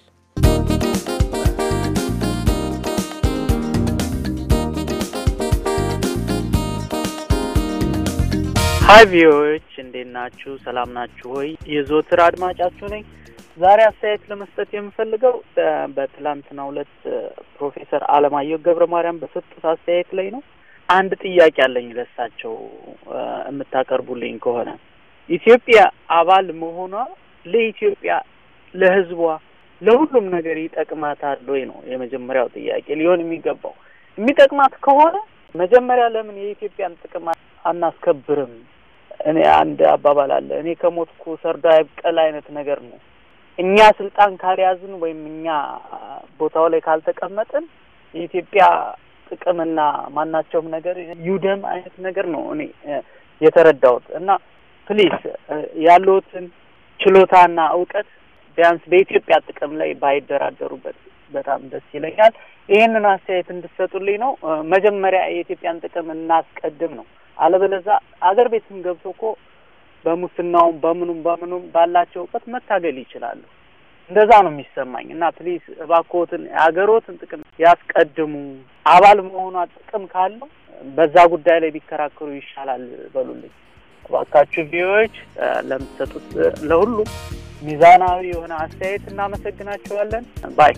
ሀይ ቪዎች እንዴት ናችሁ? ሰላም ናችሁ ሆይ? የዘወትር አድማጫችሁ ነኝ። ዛሬ አስተያየት ለመስጠት የምፈልገው በትላንትና ሁለት ፕሮፌሰር አለማየሁ ገብረ ማርያም በሰጡት አስተያየት ላይ ነው። አንድ ጥያቄ አለኝ ለሳቸው የምታቀርቡልኝ ከሆነ ኢትዮጵያ አባል መሆኗ ለኢትዮጵያ ለህዝቧ ለሁሉም ነገር ይጠቅማታል ወይ ነው የመጀመሪያው ጥያቄ ሊሆን የሚገባው። የሚጠቅማት ከሆነ መጀመሪያ ለምን የኢትዮጵያን ጥቅም አናስከብርም? እኔ አንድ አባባል አለ እኔ ከሞትኩ ሰርዶ አይብቀል አይነት ነገር ነው እኛ ስልጣን ካልያዝን ወይም እኛ ቦታው ላይ ካልተቀመጥን የኢትዮጵያ ጥቅምና ማናቸውም ነገር ዩደም አይነት ነገር ነው እኔ የተረዳሁት እና ፕሊስ ያለሁትን ችሎታና እውቀት ቢያንስ በኢትዮጵያ ጥቅም ላይ ባይደራደሩበት በጣም ደስ ይለኛል። ይህንን አስተያየት እንድትሰጡልኝ ነው። መጀመሪያ የኢትዮጵያን ጥቅም እናስቀድም ነው። አለበለዛ አገር ቤትም ገብቶ እኮ በሙስናውም በምኑም በምኑም ባላቸው እውቀት መታገል ይችላሉ። እንደዛ ነው የሚሰማኝ እና ፕሊስ እባክዎትን የሀገሮትን ጥቅም ያስቀድሙ። አባል መሆኗ ጥቅም ካለው በዛ ጉዳይ ላይ ቢከራከሩ ይሻላል በሉልኝ እባካችሁ። ቪዎች ለምትሰጡት ለሁሉም ሚዛናዊ የሆነ አስተያየት እናመሰግናቸዋለን ባይ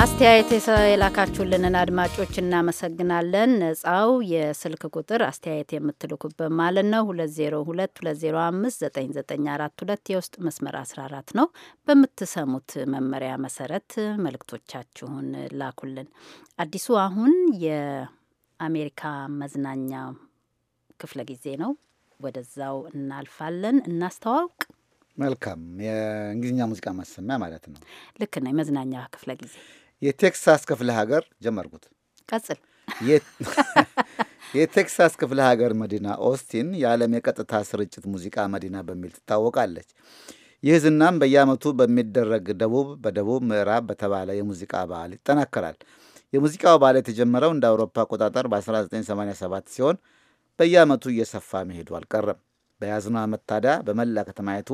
አስተያየት የላካችሁልንን አድማጮች እናመሰግናለን። ነጻው የስልክ ቁጥር አስተያየት የምትልኩበት ማለት ነው 2022059942 የውስጥ መስመር 14 ነው። በምትሰሙት መመሪያ መሰረት መልእክቶቻችሁን ላኩልን። አዲሱ አሁን የአሜሪካ መዝናኛ ክፍለ ጊዜ ነው። ወደዛው እናልፋለን። እናስተዋውቅ መልካም የእንግሊዝኛ ሙዚቃ ማሰሚያ ማለት ነው። ልክ ነው። የመዝናኛ ክፍለ ጊዜ የቴክሳስ ክፍለ ሀገር ጀመርኩት። ቀጽል። የቴክሳስ ክፍለ ሀገር መዲና ኦስቲን የዓለም የቀጥታ ስርጭት ሙዚቃ መዲና በሚል ትታወቃለች። ይህ ዝናም በየዓመቱ በሚደረግ ደቡብ በደቡብ ምዕራብ በተባለ የሙዚቃ በዓል ይጠናከራል። የሙዚቃው በዓል የተጀመረው እንደ አውሮፓ አቆጣጠር በ1987 ሲሆን በየዓመቱ እየሰፋ መሄዱ አልቀረም። በያዝነው ዓመት ታዲያ በመላ ከተማይቱ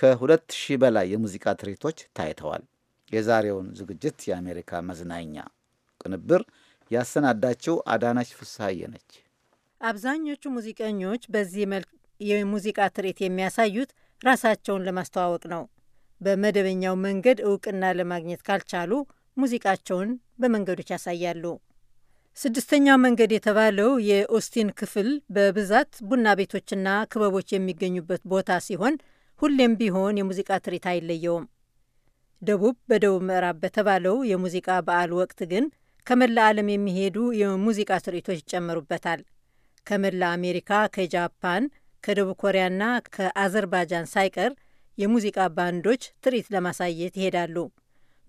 ከ2000 በላይ የሙዚቃ ትርኢቶች ታይተዋል። የዛሬውን ዝግጅት የአሜሪካ መዝናኛ ቅንብር ያሰናዳችው አዳናች ፍስሐዬ ነች። አብዛኞቹ ሙዚቀኞች በዚህ መልክ የሙዚቃ ትርኢት የሚያሳዩት ራሳቸውን ለማስተዋወቅ ነው። በመደበኛው መንገድ እውቅና ለማግኘት ካልቻሉ ሙዚቃቸውን በመንገዶች ያሳያሉ። ስድስተኛው መንገድ የተባለው የኦስቲን ክፍል በብዛት ቡና ቤቶችና ክበቦች የሚገኙበት ቦታ ሲሆን ሁሌም ቢሆን የሙዚቃ ትርኢት አይለየውም። ደቡብ በደቡብ ምዕራብ በተባለው የሙዚቃ በዓል ወቅት ግን ከመላ ዓለም የሚሄዱ የሙዚቃ ትርኢቶች ይጨመሩበታል። ከመላ አሜሪካ፣ ከጃፓን፣ ከደቡብ ኮሪያና ከአዘርባጃን ሳይቀር የሙዚቃ ባንዶች ትርኢት ለማሳየት ይሄዳሉ።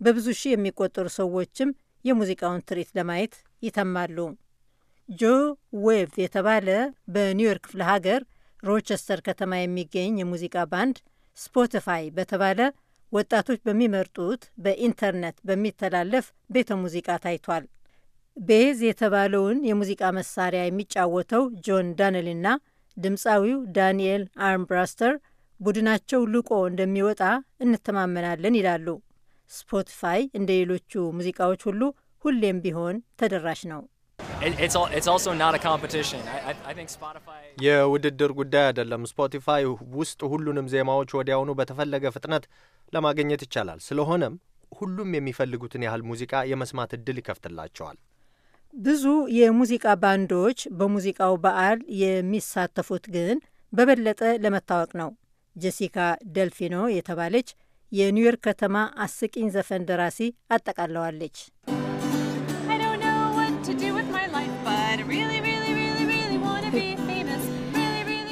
በብዙ ሺህ የሚቆጠሩ ሰዎችም የሙዚቃውን ትርኢት ለማየት ይተማሉ። ጆ ዌቭ የተባለ በኒውዮርክ ክፍለ ሀገር ሮቸስተር ከተማ የሚገኝ የሙዚቃ ባንድ ስፖቲፋይ በተባለ ወጣቶች በሚመርጡት በኢንተርኔት በሚተላለፍ ቤተ ሙዚቃ ታይቷል። ቤዝ የተባለውን የሙዚቃ መሳሪያ የሚጫወተው ጆን ዳነልና ድምፃዊው ዳንኤል አርምብራስተር ቡድናቸው ልቆ እንደሚወጣ እንተማመናለን ይላሉ። ስፖቲፋይ እንደ ሌሎቹ ሙዚቃዎች ሁሉ ሁሌም ቢሆን ተደራሽ ነው። የውድድር ጉዳይ አይደለም። ስፖቲፋይ ውስጥ ሁሉንም ዜማዎች ወዲያውኑ በተፈለገ ፍጥነት ለማግኘት ይቻላል። ስለሆነም ሁሉም የሚፈልጉትን ያህል ሙዚቃ የመስማት እድል ይከፍትላቸዋል። ብዙ የሙዚቃ ባንዶች በሙዚቃው በዓል የሚሳተፉት ግን በበለጠ ለመታወቅ ነው። ጀሲካ ደልፊኖ የተባለች የኒውዮርክ ከተማ አስቂኝ ዘፈን ደራሲ አጠቃለዋለች። to do with my life, but I really, really, really, really want to be famous.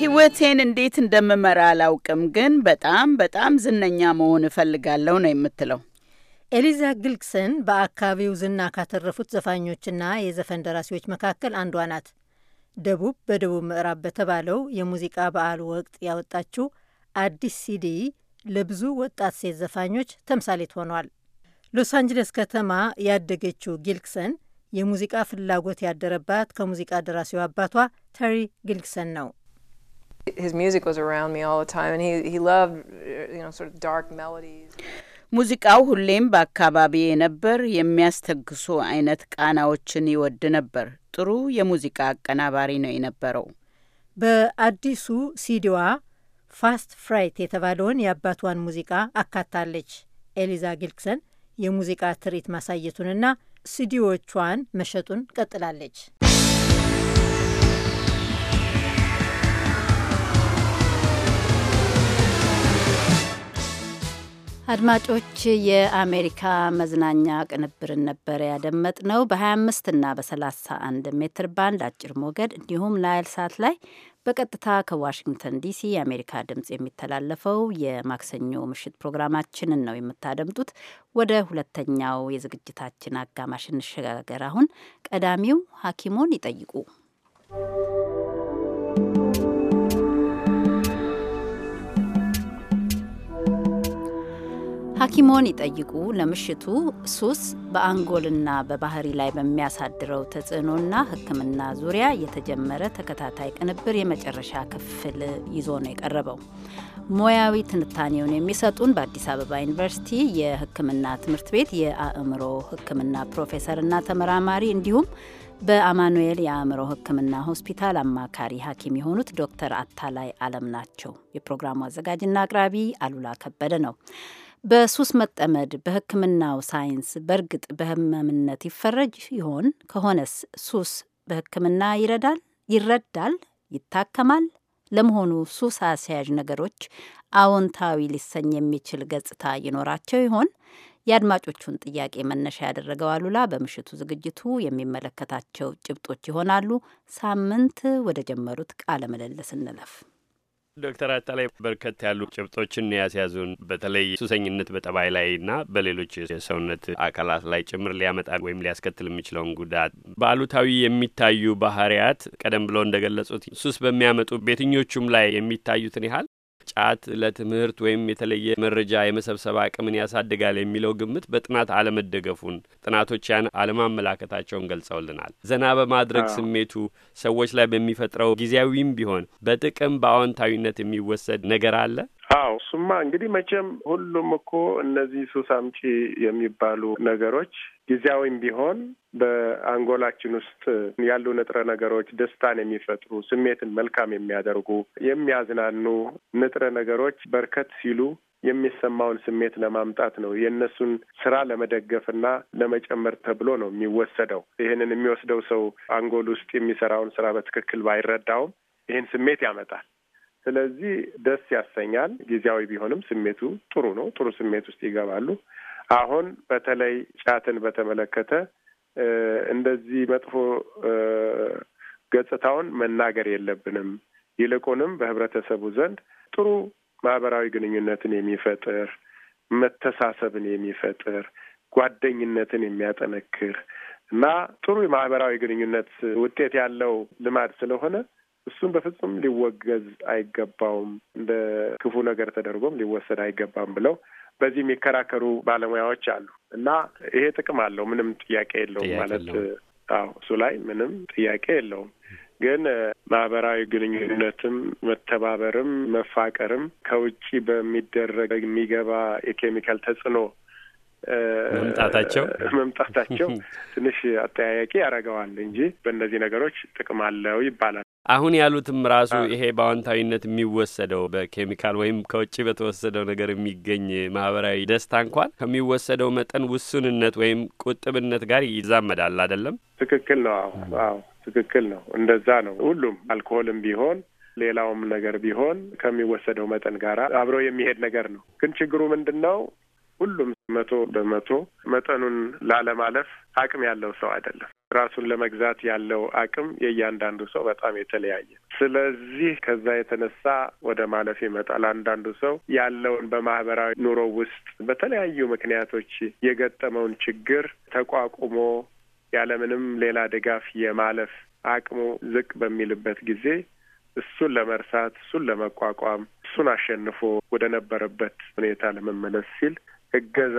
ህይወቴን እንዴት እንደምመራ አላውቅም፣ ግን በጣም በጣም ዝነኛ መሆን እፈልጋለሁ ነው የምትለው። ኤሊዛ ግልክሰን በአካባቢው ዝና ካተረፉት ዘፋኞችና የዘፈን ደራሲዎች መካከል አንዷ ናት። ደቡብ በደቡብ ምዕራብ በተባለው የሙዚቃ በዓል ወቅት ያወጣችው አዲስ ሲዲ ለብዙ ወጣት ሴት ዘፋኞች ተምሳሌት ሆኗል። ሎስ አንጅለስ ከተማ ያደገችው ግልክሰን የሙዚቃ ፍላጎት ያደረባት ከሙዚቃ ደራሲው አባቷ ተሪ ግልግሰን ነው። ሙዚቃው ሁሌም በአካባቢ የነበር የሚያስተግሱ አይነት ቃናዎችን ይወድ ነበር። ጥሩ የሙዚቃ አቀናባሪ ነው የነበረው። በአዲሱ ሲዲዋ ፋስት ፍራይት የተባለውን የአባቷን ሙዚቃ አካታለች። ኤሊዛ ግልክሰን የሙዚቃ ትርኢት ማሳየቱንና ሲዲዎቿን መሸጡን ቀጥላለች። አድማጮች የአሜሪካ መዝናኛ ቅንብርን ነበር ያደመጥነው። በ25 እና በ31 ሜትር ባንድ አጭር ሞገድ እንዲሁም ናይል ሳት ላይ በቀጥታ ከዋሽንግተን ዲሲ የአሜሪካ ድምፅ የሚተላለፈው የማክሰኞ ምሽት ፕሮግራማችንን ነው የምታደምጡት። ወደ ሁለተኛው የዝግጅታችን አጋማሽ እንሸጋገር። አሁን ቀዳሚው ሐኪሞን ይጠይቁ ሐኪሞን ይጠይቁ ለምሽቱ ሱስ በአንጎልና በባህሪ ላይ በሚያሳድረው ተጽዕኖና ሕክምና ዙሪያ የተጀመረ ተከታታይ ቅንብር የመጨረሻ ክፍል ይዞ ነው የቀረበው። ሙያዊ ትንታኔውን የሚሰጡን በአዲስ አበባ ዩኒቨርሲቲ የሕክምና ትምህርት ቤት የአእምሮ ሕክምና ፕሮፌሰርና ተመራማሪ እንዲሁም በአማኑኤል የአእምሮ ሕክምና ሆስፒታል አማካሪ ሐኪም የሆኑት ዶክተር አታላይ አለም ናቸው። የፕሮግራሙ አዘጋጅና አቅራቢ አሉላ ከበደ ነው። በሱስ መጠመድ በሕክምናው ሳይንስ በእርግጥ በህመምነት ይፈረጅ ይሆን? ከሆነስ ሱስ በሕክምና ይረዳል ይረዳል? ይታከማል? ለመሆኑ ሱስ አስያዥ ነገሮች አዎንታዊ ሊሰኝ የሚችል ገጽታ ይኖራቸው ይሆን? የአድማጮቹን ጥያቄ መነሻ ያደረገው አሉላ በምሽቱ ዝግጅቱ የሚመለከታቸው ጭብጦች ይሆናሉ። ሳምንት ወደ ጀመሩት ቃለ ምልልስ እንለፍ። ዶክተር አታላይ በርከት ያሉ ጭብጦችን ያስያዙን በተለይ ሱሰኝነት በጠባይ ላይና በሌሎች የሰውነት አካላት ላይ ጭምር ሊያመጣ ወይም ሊያስከትል የሚችለውን ጉዳት በአሉታዊ የሚታዩ ባህሪያት ቀደም ብለው እንደገለጹት ሱስ በሚያመጡ በየትኞቹም ላይ የሚታዩትን ያህል ጫት ለትምህርት ወይም የተለየ መረጃ የመሰብሰብ አቅምን ያሳድጋል የሚለው ግምት በጥናት አለመደገፉን ጥናቶች ያን አለማመላከታቸውን ገልጸውልናል። ዘና በማድረግ ስሜቱ ሰዎች ላይ በሚፈጥረው ጊዜያዊም ቢሆን በጥቅም በአዎንታዊነት የሚወሰድ ነገር አለ። አዎ እሱማ እንግዲህ መቼም ሁሉም እኮ እነዚህ ሱስ አምጪ የሚባሉ ነገሮች ጊዜያዊም ቢሆን በአንጎላችን ውስጥ ያሉ ንጥረ ነገሮች ደስታን የሚፈጥሩ ስሜትን መልካም የሚያደርጉ የሚያዝናኑ ንጥረ ነገሮች በርከት ሲሉ የሚሰማውን ስሜት ለማምጣት ነው። የእነሱን ስራ ለመደገፍና ለመጨመር ተብሎ ነው የሚወሰደው። ይህንን የሚወስደው ሰው አንጎል ውስጥ የሚሰራውን ስራ በትክክል ባይረዳውም ይህን ስሜት ያመጣል። ስለዚህ ደስ ያሰኛል። ጊዜያዊ ቢሆንም ስሜቱ ጥሩ ነው። ጥሩ ስሜት ውስጥ ይገባሉ። አሁን በተለይ ጫትን በተመለከተ እንደዚህ መጥፎ ገጽታውን መናገር የለብንም። ይልቁንም በህብረተሰቡ ዘንድ ጥሩ ማህበራዊ ግንኙነትን የሚፈጥር መተሳሰብን የሚፈጥር ጓደኝነትን የሚያጠነክር እና ጥሩ የማህበራዊ ግንኙነት ውጤት ያለው ልማድ ስለሆነ እሱን በፍጹም ሊወገዝ አይገባውም፣ እንደ ክፉ ነገር ተደርጎም ሊወሰድ አይገባም ብለው በዚህ የሚከራከሩ ባለሙያዎች አሉ እና ይሄ ጥቅም አለው፣ ምንም ጥያቄ የለውም ማለት አዎ፣ እሱ ላይ ምንም ጥያቄ የለውም። ግን ማህበራዊ ግንኙነትም መተባበርም መፋቀርም ከውጭ በሚደረግ የሚገባ የኬሚካል ተጽዕኖ መምጣታቸው መምጣታቸው ትንሽ አጠያያቂ ያደርገዋል እንጂ በእነዚህ ነገሮች ጥቅም አለው ይባላል። አሁን ያሉትም ራሱ ይሄ በአዋንታዊነት የሚወሰደው በኬሚካል ወይም ከውጭ በተወሰደው ነገር የሚገኝ ማህበራዊ ደስታ እንኳን ከሚወሰደው መጠን ውሱንነት ወይም ቁጥብነት ጋር ይዛመዳል። አይደለም? ትክክል ነው። አዎ፣ አዎ፣ ትክክል ነው። እንደዛ ነው። ሁሉም አልኮሆልም ቢሆን ሌላውም ነገር ቢሆን ከሚወሰደው መጠን ጋር አብሮ የሚሄድ ነገር ነው። ግን ችግሩ ምንድን ነው? ሁሉም መቶ በመቶ መጠኑን ላለማለፍ አቅም ያለው ሰው አይደለም። ራሱን ለመግዛት ያለው አቅም የእያንዳንዱ ሰው በጣም የተለያየ። ስለዚህ ከዛ የተነሳ ወደ ማለፍ ይመጣል። አንዳንዱ ሰው ያለውን በማህበራዊ ኑሮ ውስጥ በተለያዩ ምክንያቶች የገጠመውን ችግር ተቋቁሞ ያለምንም ሌላ ድጋፍ የማለፍ አቅሙ ዝቅ በሚልበት ጊዜ እሱን ለመርሳት፣ እሱን ለመቋቋም፣ እሱን አሸንፎ ወደ ነበረበት ሁኔታ ለመመለስ ሲል እገዛ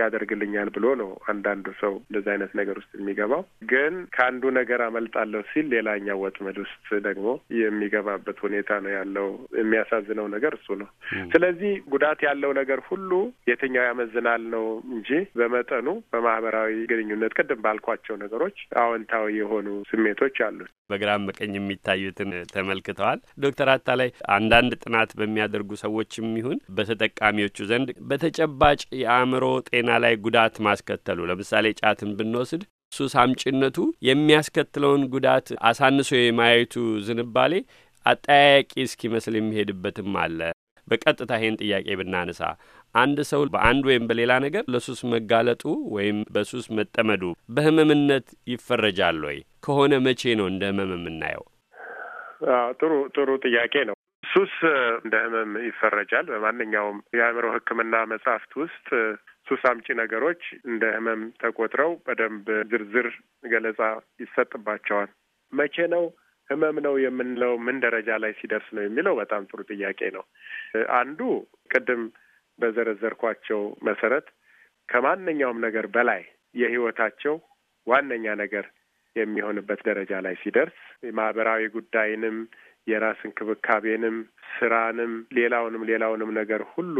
ያደርግልኛል ብሎ ነው አንዳንዱ ሰው እንደዚ አይነት ነገር ውስጥ የሚገባው። ግን ከአንዱ ነገር አመልጣለሁ ሲል ሌላኛው ወጥመድ ውስጥ ደግሞ የሚገባበት ሁኔታ ነው ያለው። የሚያሳዝነው ነገር እሱ ነው። ስለዚህ ጉዳት ያለው ነገር ሁሉ የትኛው ያመዝናል ነው እንጂ በመጠኑ በማህበራዊ ግንኙነት ቅድም ባልኳቸው ነገሮች አዎንታዊ የሆኑ ስሜቶች አሉት። በግራም በቀኝ የሚታዩትን ተመልክተዋል። ዶክተር አታላይ አንዳንድ ጥናት በሚያደርጉ ሰዎችም ይሁን በተጠቃሚዎቹ ዘንድ በተጨባጭ የአእምሮ ጤ ጤና ላይ ጉዳት ማስከተሉ ለምሳሌ ጫትን ብንወስድ ሱስ አምጭነቱ የሚያስከትለውን ጉዳት አሳንሶ የማየቱ ዝንባሌ አጠያያቂ እስኪመስል የሚሄድበትም አለ። በቀጥታ ይህን ጥያቄ ብናነሳ አንድ ሰው በአንድ ወይም በሌላ ነገር ለሱስ መጋለጡ ወይም በሱስ መጠመዱ በህመምነት ይፈረጃል ወይ? ከሆነ መቼ ነው እንደ ህመም የምናየው? ጥሩ ጥሩ ጥያቄ ነው። ሱስ እንደ ህመም ይፈረጃል። በማንኛውም የአእምሮ ሕክምና መጽሐፍት ውስጥ ሱስ አምጪ ነገሮች እንደ ህመም ተቆጥረው በደንብ ዝርዝር ገለጻ ይሰጥባቸዋል። መቼ ነው ህመም ነው የምንለው? ምን ደረጃ ላይ ሲደርስ ነው የሚለው በጣም ጥሩ ጥያቄ ነው። አንዱ ቅድም በዘረዘርኳቸው መሰረት ከማንኛውም ነገር በላይ የህይወታቸው ዋነኛ ነገር የሚሆንበት ደረጃ ላይ ሲደርስ የማህበራዊ ጉዳይንም የራስ እንክብካቤንም ስራንም ሌላውንም ሌላውንም ነገር ሁሉ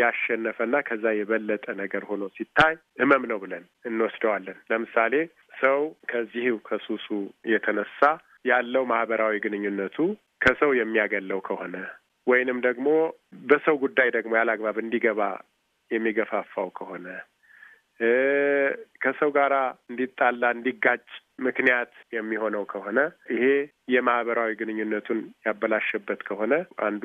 ያሸነፈና ከዛ የበለጠ ነገር ሆኖ ሲታይ ህመም ነው ብለን እንወስደዋለን። ለምሳሌ ሰው ከዚህ ከሱሱ የተነሳ ያለው ማህበራዊ ግንኙነቱ ከሰው የሚያገለው ከሆነ ወይንም ደግሞ በሰው ጉዳይ ደግሞ ያላግባብ እንዲገባ የሚገፋፋው ከሆነ ከሰው ጋር እንዲጣላ እንዲጋጭ ምክንያት የሚሆነው ከሆነ ይሄ የማህበራዊ ግንኙነቱን ያበላሸበት ከሆነ አንዱ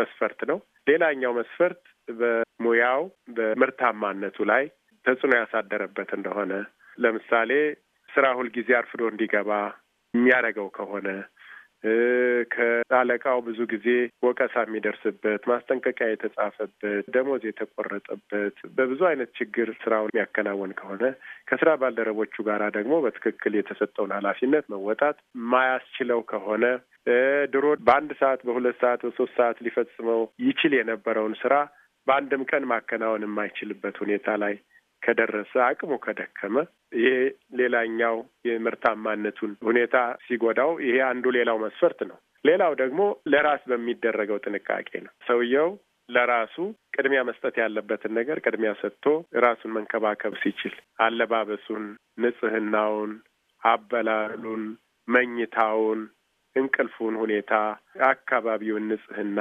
መስፈርት ነው። ሌላኛው መስፈርት በሙያው በምርታማነቱ ላይ ተጽዕኖ ያሳደረበት እንደሆነ ለምሳሌ ስራ ሁልጊዜ አርፍዶ እንዲገባ የሚያደርገው ከሆነ ከአለቃው ብዙ ጊዜ ወቀሳ የሚደርስበት፣ ማስጠንቀቂያ የተጻፈበት፣ ደሞዝ የተቆረጠበት በብዙ አይነት ችግር ስራውን የሚያከናወን ከሆነ ከስራ ባልደረቦቹ ጋር ደግሞ በትክክል የተሰጠውን ኃላፊነት መወጣት ማያስችለው ከሆነ ድሮ በአንድ ሰዓት በሁለት ሰዓት በሶስት ሰዓት ሊፈጽመው ይችል የነበረውን ስራ በአንድም ቀን ማከናወን የማይችልበት ሁኔታ ላይ ከደረሰ አቅሙ ከደከመ ይሄ ሌላኛው የምርታማነቱን ሁኔታ ሲጎዳው፣ ይሄ አንዱ ሌላው መስፈርት ነው። ሌላው ደግሞ ለራስ በሚደረገው ጥንቃቄ ነው። ሰውየው ለራሱ ቅድሚያ መስጠት ያለበትን ነገር ቅድሚያ ሰጥቶ ራሱን መንከባከብ ሲችል አለባበሱን፣ ንጽህናውን፣ አበላሉን፣ መኝታውን፣ እንቅልፉን ሁኔታ፣ አካባቢውን ንጽህና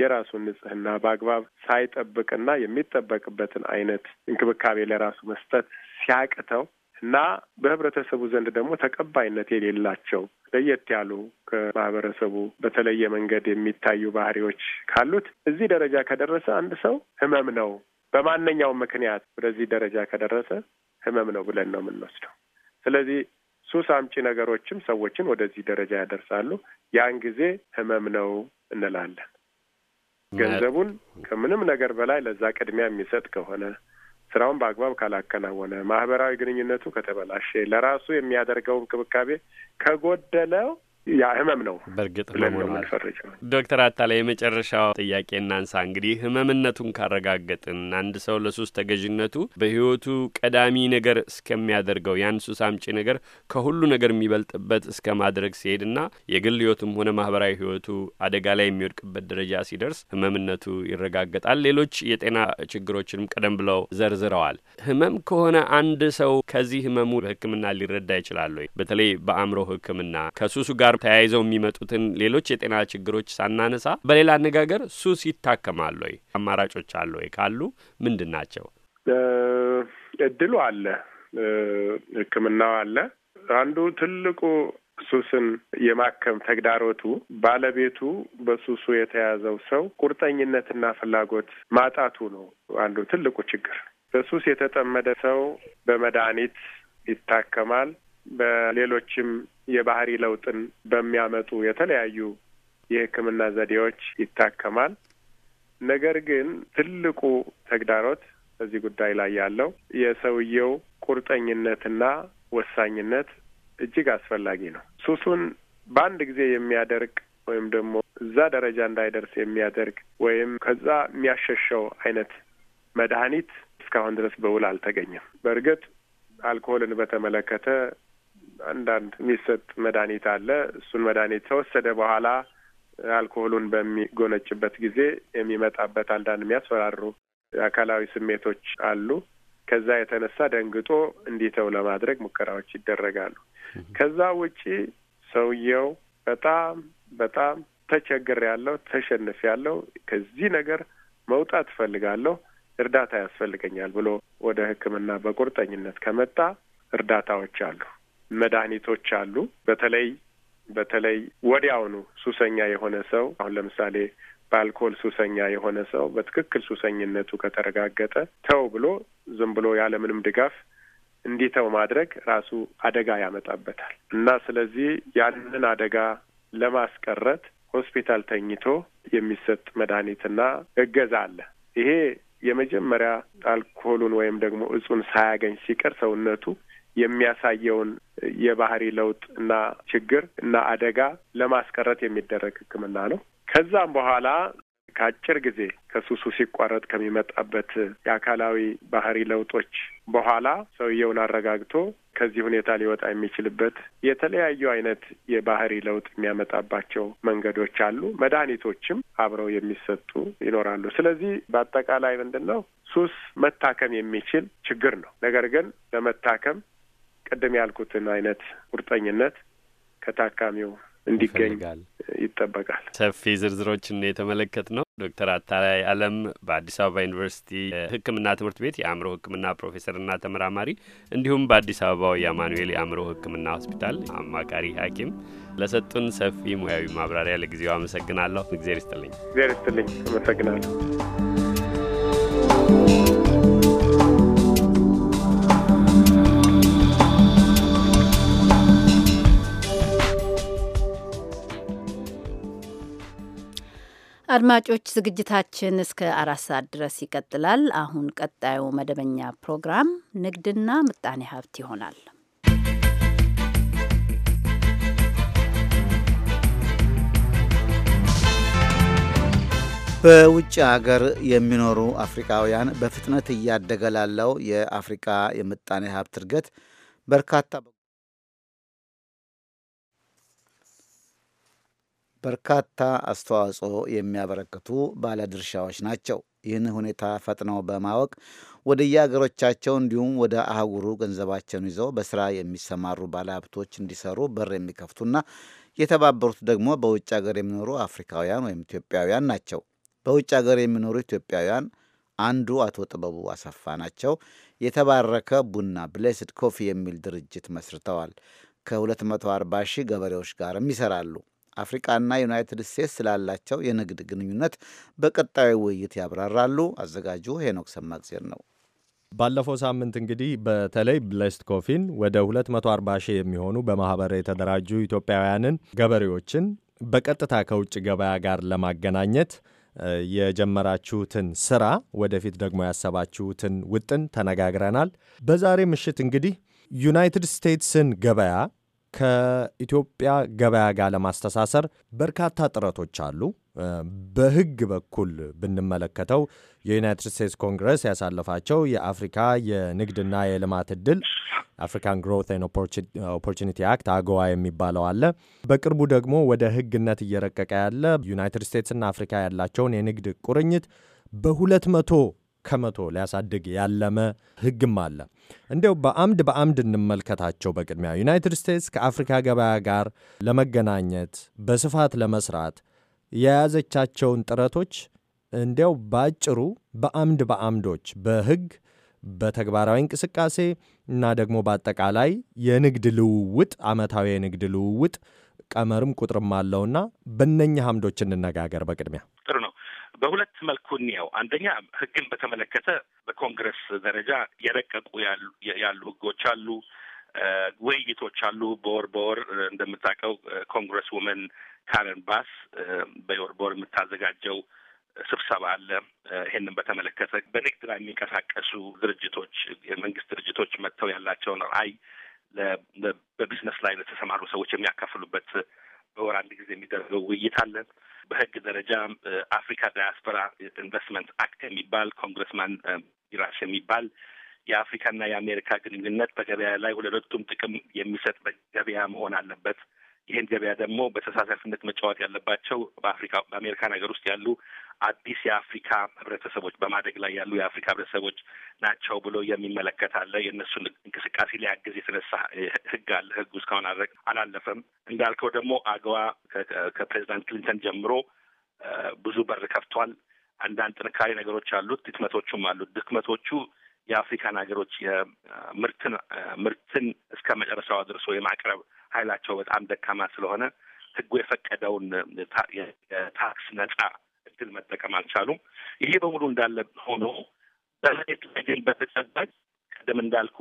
የራሱን ንጽህና በአግባብ ሳይጠብቅና የሚጠበቅበትን አይነት እንክብካቤ ለራሱ መስጠት ሲያቅተው እና በህብረተሰቡ ዘንድ ደግሞ ተቀባይነት የሌላቸው ለየት ያሉ ከማህበረሰቡ በተለየ መንገድ የሚታዩ ባህሪዎች ካሉት እዚህ ደረጃ ከደረሰ አንድ ሰው ህመም ነው። በማንኛውም ምክንያት ወደዚህ ደረጃ ከደረሰ ህመም ነው ብለን ነው የምንወስደው። ስለዚህ ሱስ አምጪ ነገሮችም ሰዎችን ወደዚህ ደረጃ ያደርሳሉ። ያን ጊዜ ህመም ነው እንላለን። ገንዘቡን ከምንም ነገር በላይ ለዛ ቅድሚያ የሚሰጥ ከሆነ ስራውን በአግባብ ካላከናወነ፣ ማህበራዊ ግንኙነቱ ከተበላሸ፣ ለራሱ የሚያደርገው እንክብካቤ ከጎደለው ያ ህመም ነው። በእርግጥ ምንፈረጅ ዶክተር አታላይ የመጨረሻው ጥያቄ እናንሳ። እንግዲህ ህመምነቱን ካረጋገጥን አንድ ሰው ለሱስ ተገዥነቱ በህይወቱ ቀዳሚ ነገር እስከሚያደርገው ያን ሱስ አምጪ ነገር ከሁሉ ነገር የሚበልጥበት እስከ ማድረግ ሲሄድና የግል ህይወቱም ሆነ ማህበራዊ ህይወቱ አደጋ ላይ የሚወድቅበት ደረጃ ሲደርስ ህመምነቱ ይረጋገጣል። ሌሎች የጤና ችግሮችንም ቀደም ብለው ዘርዝረዋል። ህመም ከሆነ አንድ ሰው ከዚህ ህመሙ ህክምና ሊረዳ ይችላል ወይ? በተለይ በአእምሮ ህክምና ከሱሱ ጋር ጋር ተያይዘው የሚመጡትን ሌሎች የጤና ችግሮች ሳናነሳ በሌላ አነጋገር ሱስ ይታከማል ወይ? አማራጮች አሉ ወይ? ካሉ ምንድን ናቸው? እድሉ አለ፣ ህክምናው አለ። አንዱ ትልቁ ሱስን የማከም ተግዳሮቱ ባለቤቱ በሱሱ የተያዘው ሰው ቁርጠኝነትና ፍላጎት ማጣቱ ነው። አንዱ ትልቁ ችግር በሱስ የተጠመደ ሰው በመድኃኒት ይታከማል። በሌሎችም የባህሪ ለውጥን በሚያመጡ የተለያዩ የሕክምና ዘዴዎች ይታከማል። ነገር ግን ትልቁ ተግዳሮት በዚህ ጉዳይ ላይ ያለው የሰውየው ቁርጠኝነትና ወሳኝነት እጅግ አስፈላጊ ነው። ሱሱን በአንድ ጊዜ የሚያደርግ ወይም ደግሞ እዛ ደረጃ እንዳይደርስ የሚያደርግ ወይም ከዛ የሚያሸሸው አይነት መድኃኒት እስካሁን ድረስ በውል አልተገኘም። በእርግጥ አልኮሆልን በተመለከተ አንዳንድ የሚሰጥ መድኃኒት አለ። እሱን መድኃኒት ከወሰደ በኋላ አልኮሆሉን በሚጎነጭበት ጊዜ የሚመጣበት አንዳንድ የሚያስፈራሩ አካላዊ ስሜቶች አሉ። ከዛ የተነሳ ደንግጦ እንዲተው ለማድረግ ሙከራዎች ይደረጋሉ። ከዛ ውጪ ሰውየው በጣም በጣም ተቸግር ተሸንፍ ያለው ከዚህ ነገር መውጣት እፈልጋለሁ፣ እርዳታ ያስፈልገኛል ብሎ ወደ ሕክምና በቁርጠኝነት ከመጣ እርዳታዎች አሉ። መድኃኒቶች አሉ። በተለይ በተለይ ወዲያውኑ ሱሰኛ የሆነ ሰው አሁን ለምሳሌ በአልኮል ሱሰኛ የሆነ ሰው በትክክል ሱሰኝነቱ ከተረጋገጠ ተው ብሎ ዝም ብሎ ያለምንም ድጋፍ እንዲተው ማድረግ ራሱ አደጋ ያመጣበታል እና ስለዚህ ያንን አደጋ ለማስቀረት ሆስፒታል ተኝቶ የሚሰጥ መድኃኒትና እገዛ አለ። ይሄ የመጀመሪያ አልኮሉን ወይም ደግሞ እጹን ሳያገኝ ሲቀር ሰውነቱ የሚያሳየውን የባህሪ ለውጥ እና ችግር እና አደጋ ለማስቀረት የሚደረግ ሕክምና ነው። ከዛም በኋላ ከአጭር ጊዜ ከሱሱ ሲቋረጥ ከሚመጣበት የአካላዊ ባህሪ ለውጦች በኋላ ሰውየውን አረጋግቶ ከዚህ ሁኔታ ሊወጣ የሚችልበት የተለያዩ አይነት የባህሪ ለውጥ የሚያመጣባቸው መንገዶች አሉ። መድኃኒቶችም አብረው የሚሰጡ ይኖራሉ። ስለዚህ በአጠቃላይ ምንድን ነው ሱስ መታከም የሚችል ችግር ነው። ነገር ግን ለመታከም ቅድም ያልኩትን አይነት ቁርጠኝነት ከታካሚው እንዲገኝ ይጠበቃል። ሰፊ ዝርዝሮችን የተመለከት ነው። ዶክተር አታላይ አለም በአዲስ አበባ ዩኒቨርሲቲ ሕክምና ትምህርት ቤት የአእምሮ ሕክምና ፕሮፌሰርና ተመራማሪ እንዲሁም በአዲስ አበባው የአማኑኤል የአእምሮ ሕክምና ሆስፒታል አማካሪ ሐኪም ለሰጡን ሰፊ ሙያዊ ማብራሪያ ለጊዜው አመሰግናለሁ። እግዜር ይስጥልኝ። እግዜር ይስጥልኝ። አመሰግናለሁ። አድማጮች ዝግጅታችን እስከ አራት ሰዓት ድረስ ይቀጥላል። አሁን ቀጣዩ መደበኛ ፕሮግራም ንግድና ምጣኔ ሀብት ይሆናል። በውጭ አገር የሚኖሩ አፍሪካውያን በፍጥነት እያደገ ላለው የአፍሪካ የምጣኔ ሀብት እድገት በርካታ በርካታ አስተዋጽኦ የሚያበረክቱ ባለድርሻዎች ናቸው። ይህን ሁኔታ ፈጥነው በማወቅ ወደየአገሮቻቸው እንዲሁም ወደ አህጉሩ ገንዘባቸውን ይዘው በስራ የሚሰማሩ ባለሀብቶች እንዲሰሩ በር የሚከፍቱና የተባበሩት ደግሞ በውጭ ሀገር የሚኖሩ አፍሪካውያን ወይም ኢትዮጵያውያን ናቸው። በውጭ ሀገር የሚኖሩ ኢትዮጵያውያን አንዱ አቶ ጥበቡ አሰፋ ናቸው። የተባረከ ቡና ብሌስድ ኮፊ የሚል ድርጅት መስርተዋል። ከ240 ሺህ ገበሬዎች ጋርም ይሰራሉ። አፍሪቃና ዩናይትድ ስቴትስ ስላላቸው የንግድ ግንኙነት በቀጣዩ ውይይት ያብራራሉ። አዘጋጁ ሄኖክ ሰማግዜር ነው። ባለፈው ሳምንት እንግዲህ በተለይ ብሌስት ኮፊን ወደ 240 ሺህ የሚሆኑ በማህበር የተደራጁ ኢትዮጵያውያንን ገበሬዎችን በቀጥታ ከውጭ ገበያ ጋር ለማገናኘት የጀመራችሁትን ስራ ወደፊት ደግሞ ያሰባችሁትን ውጥን ተነጋግረናል። በዛሬ ምሽት እንግዲህ ዩናይትድ ስቴትስን ገበያ ከኢትዮጵያ ገበያ ጋር ለማስተሳሰር በርካታ ጥረቶች አሉ። በሕግ በኩል ብንመለከተው የዩናይትድ ስቴትስ ኮንግረስ ያሳለፋቸው የአፍሪካ የንግድና የልማት እድል አፍሪካን ግሮ ኤንድ ኦፖርቹኒቲ አክት አገዋ የሚባለው አለ። በቅርቡ ደግሞ ወደ ሕግነት እየረቀቀ ያለ ዩናይትድ ስቴትስና አፍሪካ ያላቸውን የንግድ ቁርኝት በሁለት መቶ ከመቶ ሊያሳድግ ያለመ ሕግም አለ። እንዲያው በአምድ በአምድ እንመልከታቸው። በቅድሚያ ዩናይትድ ስቴትስ ከአፍሪካ ገበያ ጋር ለመገናኘት በስፋት ለመስራት የያዘቻቸውን ጥረቶች እንዲያው በአጭሩ በአምድ በአምዶች በህግ በተግባራዊ እንቅስቃሴ እና ደግሞ በአጠቃላይ የንግድ ልውውጥ አመታዊ የንግድ ልውውጥ ቀመርም ቁጥርም አለውና በነኛ አምዶች እንነጋገር። በቅድሚያ ጥሩ በሁለት መልኩ እንየው። አንደኛ ህግን በተመለከተ በኮንግረስ ደረጃ የረቀቁ ያሉ ህጎች አሉ፣ ውይይቶች አሉ። በወር በወር እንደምታውቀው ኮንግረስ ውመን ካረን ባስ በወር በወር የምታዘጋጀው ስብሰባ አለ። ይህንን በተመለከተ በንግድ ላይ የሚንቀሳቀሱ ድርጅቶች፣ የመንግስት ድርጅቶች መጥተው ያላቸውን ራዕይ በቢዝነስ ላይ ለተሰማሩ ሰዎች የሚያካፍሉበት በወር አንድ ጊዜ የሚደረገው ውይይት አለ። በህግ ደረጃ አፍሪካ ዳያስፖራ ኢንቨስትመንት አክት የሚባል ኮንግረስማን ራሽ የሚባል የአፍሪካና የአሜሪካ ግንኙነት በገበያ ላይ ለሁለቱም ጥቅም የሚሰጥ ገበያ መሆን አለበት። ይህን ገበያ ደግሞ በተሳሳፊነት መጫወት ያለባቸው በአፍሪካ በአሜሪካን ሀገር ውስጥ ያሉ አዲስ የአፍሪካ ህብረተሰቦች በማደግ ላይ ያሉ የአፍሪካ ህብረተሰቦች ናቸው ብሎ የሚመለከት አለ። የእነሱን እንቅስቃሴ ሊያግዝ የተነሳ ህግ አለ። ህጉ እስካሁን አድረግ አላለፈም። እንዳልከው ደግሞ አገዋ ከፕሬዚዳንት ክሊንተን ጀምሮ ብዙ በር ከፍቷል። አንዳንድ ጥንካሬ ነገሮች አሉት፣ ድክመቶቹም አሉት። ድክመቶቹ የአፍሪካን ሀገሮች የምርትን ምርትን እስከ መጨረሻው አድርሶ የማቅረብ ኃይላቸው በጣም ደካማ ስለሆነ ህጉ የፈቀደውን ታክስ ነጻ በትክክል መጠቀም አልቻሉም። ይሄ በሙሉ እንዳለ ሆኖ በመሬት ላይ ግን በተጨባጭ ቀደም እንዳልኩ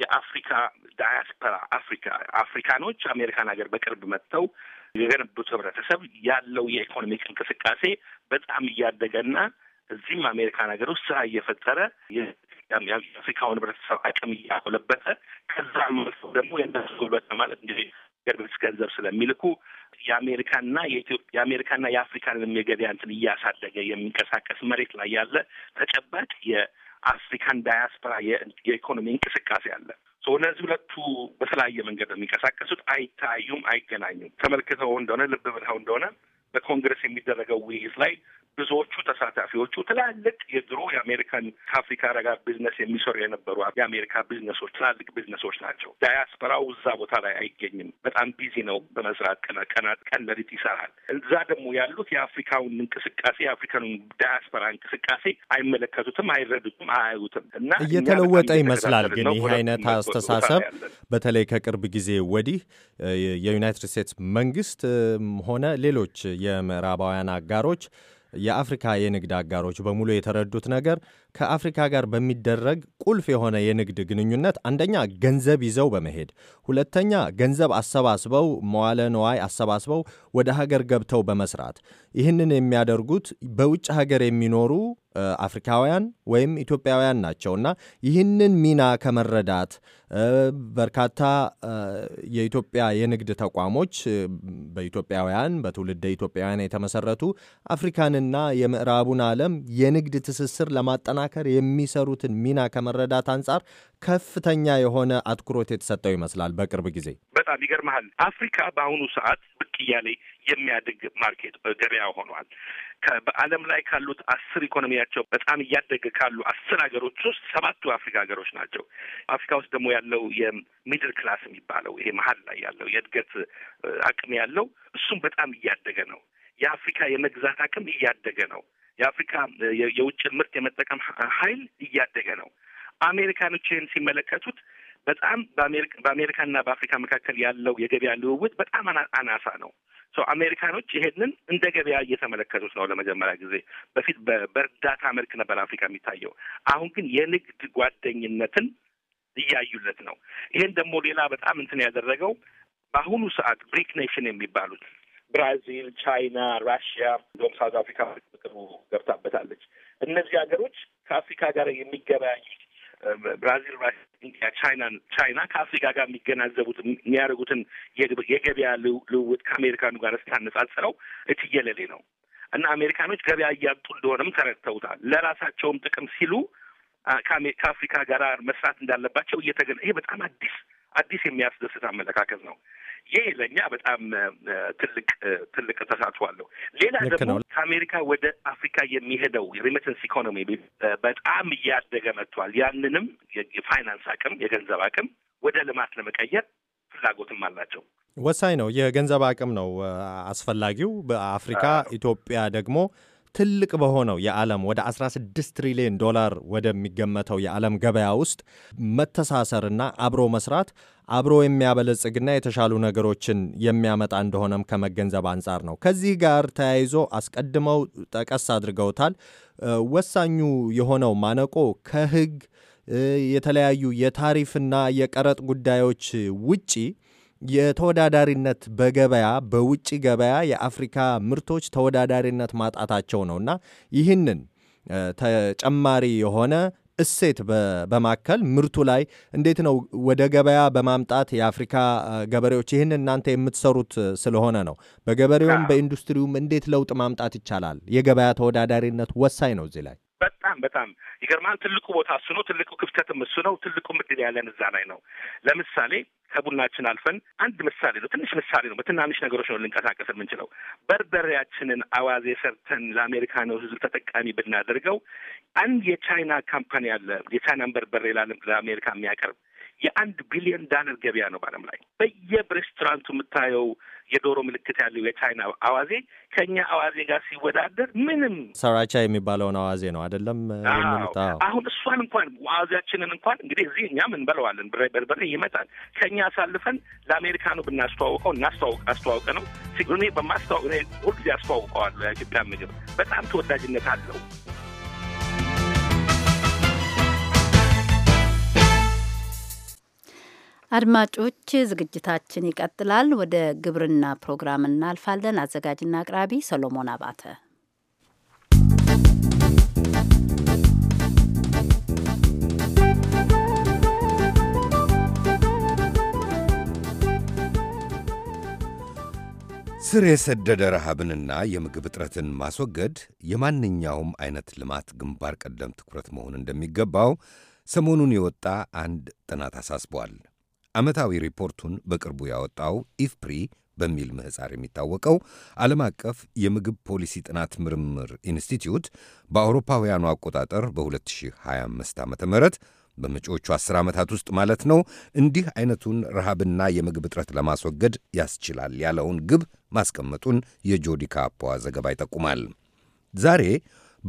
የአፍሪካ ዳያስፖራ አፍሪካ አፍሪካኖች አሜሪካን ሀገር በቅርብ መጥተው የገነቡት ህብረተሰብ ያለው የኢኮኖሚክ እንቅስቃሴ በጣም እያደገና እዚህም አሜሪካን ሀገር ውስጥ ስራ እየፈጠረ የአፍሪካውን ህብረተሰብ አቅም እያጎለበተ ከዛም ደግሞ የእነሱ ጉልበት ማለት እንግዲህ ገርብስ ገንዘብ ስለሚልኩ የአሜሪካና የኢትዮጵያ የአሜሪካና የአፍሪካንም የገበያ እንትን እያሳደገ የሚንቀሳቀስ መሬት ላይ ያለ ተጨባጭ የአፍሪካን ዳያስፖራ የኢኮኖሚ እንቅስቃሴ አለ። እነዚህ ሁለቱ በተለያየ መንገድ የሚንቀሳቀሱት። አይታዩም፣ አይገናኙም። ተመልክተው እንደሆነ ልብ ብለው እንደሆነ በኮንግረስ የሚደረገው ውይይት ላይ ብዙዎቹ ተሳታፊዎቹ ትላልቅ የድሮ የአሜሪካን ከአፍሪካ ረጋ ቢዝነስ የሚሰሩ የነበሩ የአሜሪካ ቢዝነሶች ትላልቅ ቢዝነሶች ናቸው። ዳያስፖራው እዛ ቦታ ላይ አይገኝም። በጣም ቢዚ ነው በመስራት ቀናት ቀን ለሊት ይሰራል። እዛ ደግሞ ያሉት የአፍሪካውን እንቅስቃሴ የአፍሪካን ዳያስፖራ እንቅስቃሴ አይመለከቱትም፣ አይረዱትም፣ አያዩትም እና እየተለወጠ ይመስላል። ግን ይህ አይነት አስተሳሰብ በተለይ ከቅርብ ጊዜ ወዲህ የዩናይትድ ስቴትስ መንግስት ሆነ ሌሎች የምዕራባውያን አጋሮች የአፍሪካ የንግድ አጋሮች በሙሉ የተረዱት ነገር ከአፍሪካ ጋር በሚደረግ ቁልፍ የሆነ የንግድ ግንኙነት አንደኛ ገንዘብ ይዘው በመሄድ ሁለተኛ ገንዘብ አሰባስበው መዋለ ነዋይ አሰባስበው ወደ ሀገር ገብተው በመስራት ይህንን የሚያደርጉት በውጭ ሀገር የሚኖሩ አፍሪካውያን ወይም ኢትዮጵያውያን ናቸው እና ይህንን ሚና ከመረዳት በርካታ የኢትዮጵያ የንግድ ተቋሞች በኢትዮጵያውያን በትውልደ ኢትዮጵያውያን የተመሰረቱ አፍሪካንና የምዕራቡን ዓለም የንግድ ትስስር ለማጠና ለማጠናከር የሚሰሩትን ሚና ከመረዳት አንጻር ከፍተኛ የሆነ አትኩሮት የተሰጠው ይመስላል። በቅርብ ጊዜ በጣም ይገርመሃል፣ አፍሪካ በአሁኑ ሰዓት ብቅ እያለ የሚያድግ ማርኬት ገበያ ሆኗል። በዓለም ላይ ካሉት አስር ኢኮኖሚያቸው በጣም እያደገ ካሉ አስር ሀገሮች ውስጥ ሰባቱ አፍሪካ ሀገሮች ናቸው። አፍሪካ ውስጥ ደግሞ ያለው የሚድል ክላስ የሚባለው ይሄ መሀል ላይ ያለው የእድገት አቅም ያለው እሱም በጣም እያደገ ነው። የአፍሪካ የመግዛት አቅም እያደገ ነው። የአፍሪካ የውጭ ምርት የመጠቀም ኃይል እያደገ ነው። አሜሪካኖች ይህን ሲመለከቱት በጣም በአሜሪካና በአፍሪካ መካከል ያለው የገበያ ልውውጥ በጣም አናሳ ነው። አሜሪካኖች ይሄንን እንደ ገበያ እየተመለከቱት ነው ለመጀመሪያ ጊዜ። በፊት በእርዳታ መልክ ነበር አፍሪካ የሚታየው። አሁን ግን የንግድ ጓደኝነትን እያዩለት ነው። ይሄን ደግሞ ሌላ በጣም እንትን ያደረገው በአሁኑ ሰዓት ብሪክ ኔሽን የሚባሉት ብራዚል፣ ቻይና፣ ራሽያ እንዲሁም ሳውዝ አፍሪካ በቅርቡ ገብታበታለች። እነዚህ ሀገሮች ከአፍሪካ ጋር የሚገበያዩት ብራዚል፣ ራሽያ፣ ቻይና ቻይና ከአፍሪካ ጋር የሚገናዘቡት የሚያደርጉትን የገበያ ልውውጥ ከአሜሪካኑ ጋር ስታነጻጽረው እትየለሌ ነው እና አሜሪካኖች ገበያ እያጡ እንደሆነም ተረድተውታል። ለራሳቸውም ጥቅም ሲሉ ከአፍሪካ ጋር መስራት እንዳለባቸው እየተገ ይሄ በጣም አዲስ አዲስ የሚያስደስት አመለካከት ነው። ይህ ለእኛ በጣም ትልቅ ትልቅ ተሳትፎ አለው። ሌላ ደግሞ ከአሜሪካ ወደ አፍሪካ የሚሄደው ሪሚተንስ ኢኮኖሚ በጣም እያደገ መጥቷል። ያንንም የፋይናንስ አቅም የገንዘብ አቅም ወደ ልማት ለመቀየር ፍላጎትም አላቸው። ወሳኝ ነው። የገንዘብ አቅም ነው አስፈላጊው። በአፍሪካ ኢትዮጵያ ደግሞ ትልቅ በሆነው የዓለም ወደ 16 ትሪሊዮን ዶላር ወደሚገመተው የዓለም ገበያ ውስጥ መተሳሰርና አብሮ መስራት አብሮ የሚያበለጽግና የተሻሉ ነገሮችን የሚያመጣ እንደሆነም ከመገንዘብ አንጻር ነው። ከዚህ ጋር ተያይዞ አስቀድመው ጠቀስ አድርገውታል። ወሳኙ የሆነው ማነቆ ከሕግ የተለያዩ የታሪፍና የቀረጥ ጉዳዮች ውጪ የተወዳዳሪነት በገበያ በውጭ ገበያ የአፍሪካ ምርቶች ተወዳዳሪነት ማጣታቸው ነው እና ይህንን ተጨማሪ የሆነ እሴት በማከል ምርቱ ላይ እንዴት ነው ወደ ገበያ በማምጣት የአፍሪካ ገበሬዎች ይህን እናንተ የምትሰሩት ስለሆነ ነው። በገበሬውም በኢንዱስትሪውም እንዴት ለውጥ ማምጣት ይቻላል? የገበያ ተወዳዳሪነት ወሳኝ ነው እዚህ ላይ በጣም በጣም ይገርማል። ትልቁ ቦታ እሱ ነው። ትልቁ ክፍተትም እሱ ነው። ትልቁ ምድል ያለን እዛ ላይ ነው። ለምሳሌ ከቡናችን አልፈን አንድ ምሳሌ ነው፣ ትንሽ ምሳሌ ነው። በትናንሽ ነገሮች ነው ልንቀሳቀስ የምንችለው። በርበሬያችንን አዋዜ ሰርተን ለአሜሪካነው ሕዝብ ተጠቃሚ ብናደርገው አንድ የቻይና ካምፓኒ አለ፣ የቻይናን በርበሬ ለአሜሪካ የሚያቀርብ የአንድ ቢሊዮን ዳለር ገበያ ነው በዓለም ላይ። በየሬስቶራንቱ የምታየው የዶሮ ምልክት ያለው የቻይና አዋዜ ከእኛ አዋዜ ጋር ሲወዳደር ምንም ሰራቻ የሚባለውን አዋዜ ነው አይደለም አሁን እሷን እንኳን አዋዜያችንን እንኳን እንግዲህ እዚህ እኛም እንበለዋለን፣ በርበሬ ይመጣል። ከእኛ አሳልፈን ለአሜሪካ ነው ብናስተዋውቀው እናስተዋውቅ አስተዋውቀ ነው እኔ በማስተዋወቅ ሁልጊዜ አስተዋውቀዋለሁ። የኢትዮጵያ ምግብ በጣም ተወዳጅነት አለው። አድማጮች ዝግጅታችን ይቀጥላል። ወደ ግብርና ፕሮግራም እናልፋለን። አዘጋጅና አቅራቢ ሰሎሞን አባተ። ስር የሰደደ ረሃብንና የምግብ እጥረትን ማስወገድ የማንኛውም አይነት ልማት ግንባር ቀደም ትኩረት መሆን እንደሚገባው ሰሞኑን የወጣ አንድ ጥናት አሳስቧል። ዓመታዊ ሪፖርቱን በቅርቡ ያወጣው ኢፍፕሪ በሚል ምሕፃር የሚታወቀው ዓለም አቀፍ የምግብ ፖሊሲ ጥናት ምርምር ኢንስቲትዩት በአውሮፓውያኑ አቆጣጠር በ2025 ዓ ም በመጪዎቹ 10 ዓመታት ውስጥ ማለት ነው እንዲህ አይነቱን ረሃብና የምግብ እጥረት ለማስወገድ ያስችላል ያለውን ግብ ማስቀመጡን የጆዲ ካፖዋ ዘገባ ይጠቁማል። ዛሬ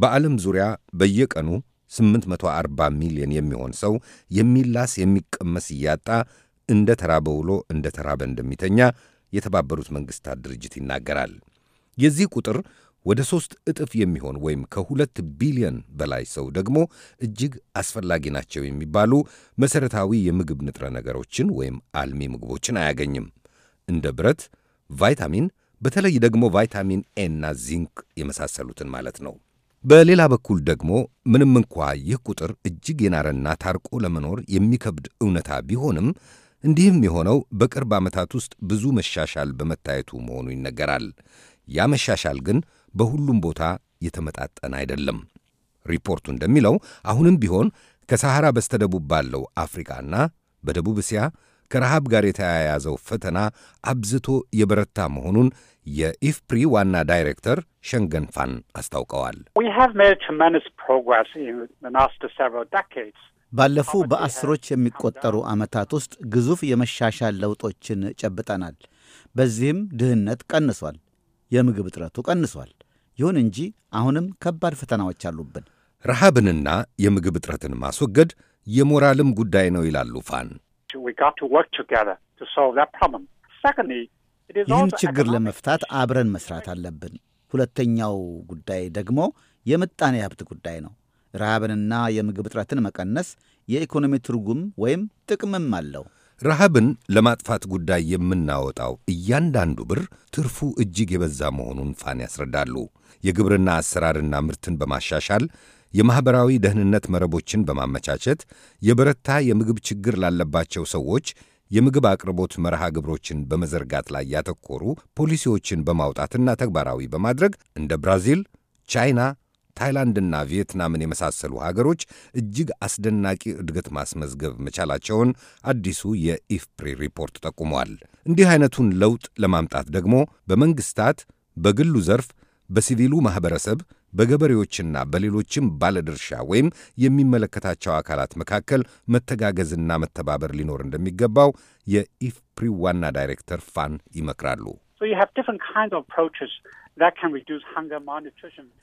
በዓለም ዙሪያ በየቀኑ 840 ሚሊዮን የሚሆን ሰው የሚላስ የሚቀመስ እያጣ እንደ ተራበ ውሎ እንደ ተራበ እንደሚተኛ የተባበሩት መንግሥታት ድርጅት ይናገራል። የዚህ ቁጥር ወደ ሦስት እጥፍ የሚሆን ወይም ከሁለት ቢሊዮን በላይ ሰው ደግሞ እጅግ አስፈላጊ ናቸው የሚባሉ መሠረታዊ የምግብ ንጥረ ነገሮችን ወይም አልሚ ምግቦችን አያገኝም። እንደ ብረት፣ ቫይታሚን፣ በተለይ ደግሞ ቫይታሚን ኤ እና ዚንክ የመሳሰሉትን ማለት ነው። በሌላ በኩል ደግሞ ምንም እንኳ ይህ ቁጥር እጅግ የናረና ታርቆ ለመኖር የሚከብድ እውነታ ቢሆንም እንዲህም የሆነው በቅርብ ዓመታት ውስጥ ብዙ መሻሻል በመታየቱ መሆኑ ይነገራል። ያ መሻሻል ግን በሁሉም ቦታ የተመጣጠነ አይደለም። ሪፖርቱ እንደሚለው አሁንም ቢሆን ከሰሐራ በስተደቡብ ባለው አፍሪካና በደቡብ እስያ ከረሃብ ጋር የተያያዘው ፈተና አብዝቶ የበረታ መሆኑን የኢፍፕሪ ዋና ዳይሬክተር ሸንገን ፋን አስታውቀዋል። ባለፉ በአስሮች የሚቆጠሩ ዓመታት ውስጥ ግዙፍ የመሻሻል ለውጦችን ጨብጠናል። በዚህም ድህነት ቀንሷል፣ የምግብ እጥረቱ ቀንሷል። ይሁን እንጂ አሁንም ከባድ ፈተናዎች አሉብን። ረሃብንና የምግብ እጥረትን ማስወገድ የሞራልም ጉዳይ ነው ይላሉ ፋን። ይህን ችግር ለመፍታት አብረን መስራት አለብን። ሁለተኛው ጉዳይ ደግሞ የምጣኔ ሀብት ጉዳይ ነው። ረሃብንና የምግብ እጥረትን መቀነስ የኢኮኖሚ ትርጉም ወይም ጥቅምም አለው። ረሃብን ለማጥፋት ጉዳይ የምናወጣው እያንዳንዱ ብር ትርፉ እጅግ የበዛ መሆኑን ፋን ያስረዳሉ። የግብርና አሰራርና ምርትን በማሻሻል የማኅበራዊ ደህንነት መረቦችን በማመቻቸት የበረታ የምግብ ችግር ላለባቸው ሰዎች የምግብ አቅርቦት መርሃ ግብሮችን በመዘርጋት ላይ ያተኮሩ ፖሊሲዎችን በማውጣትና ተግባራዊ በማድረግ እንደ ብራዚል፣ ቻይና ታይላንድና ቪየትናምን የመሳሰሉ ሀገሮች እጅግ አስደናቂ እድገት ማስመዝገብ መቻላቸውን አዲሱ የኢፍፕሪ ሪፖርት ጠቁመዋል። እንዲህ አይነቱን ለውጥ ለማምጣት ደግሞ በመንግስታት፣ በግሉ ዘርፍ፣ በሲቪሉ ማኅበረሰብ፣ በገበሬዎችና በሌሎችም ባለድርሻ ወይም የሚመለከታቸው አካላት መካከል መተጋገዝና መተባበር ሊኖር እንደሚገባው የኢፍፕሪ ዋና ዳይሬክተር ፋን ይመክራሉ።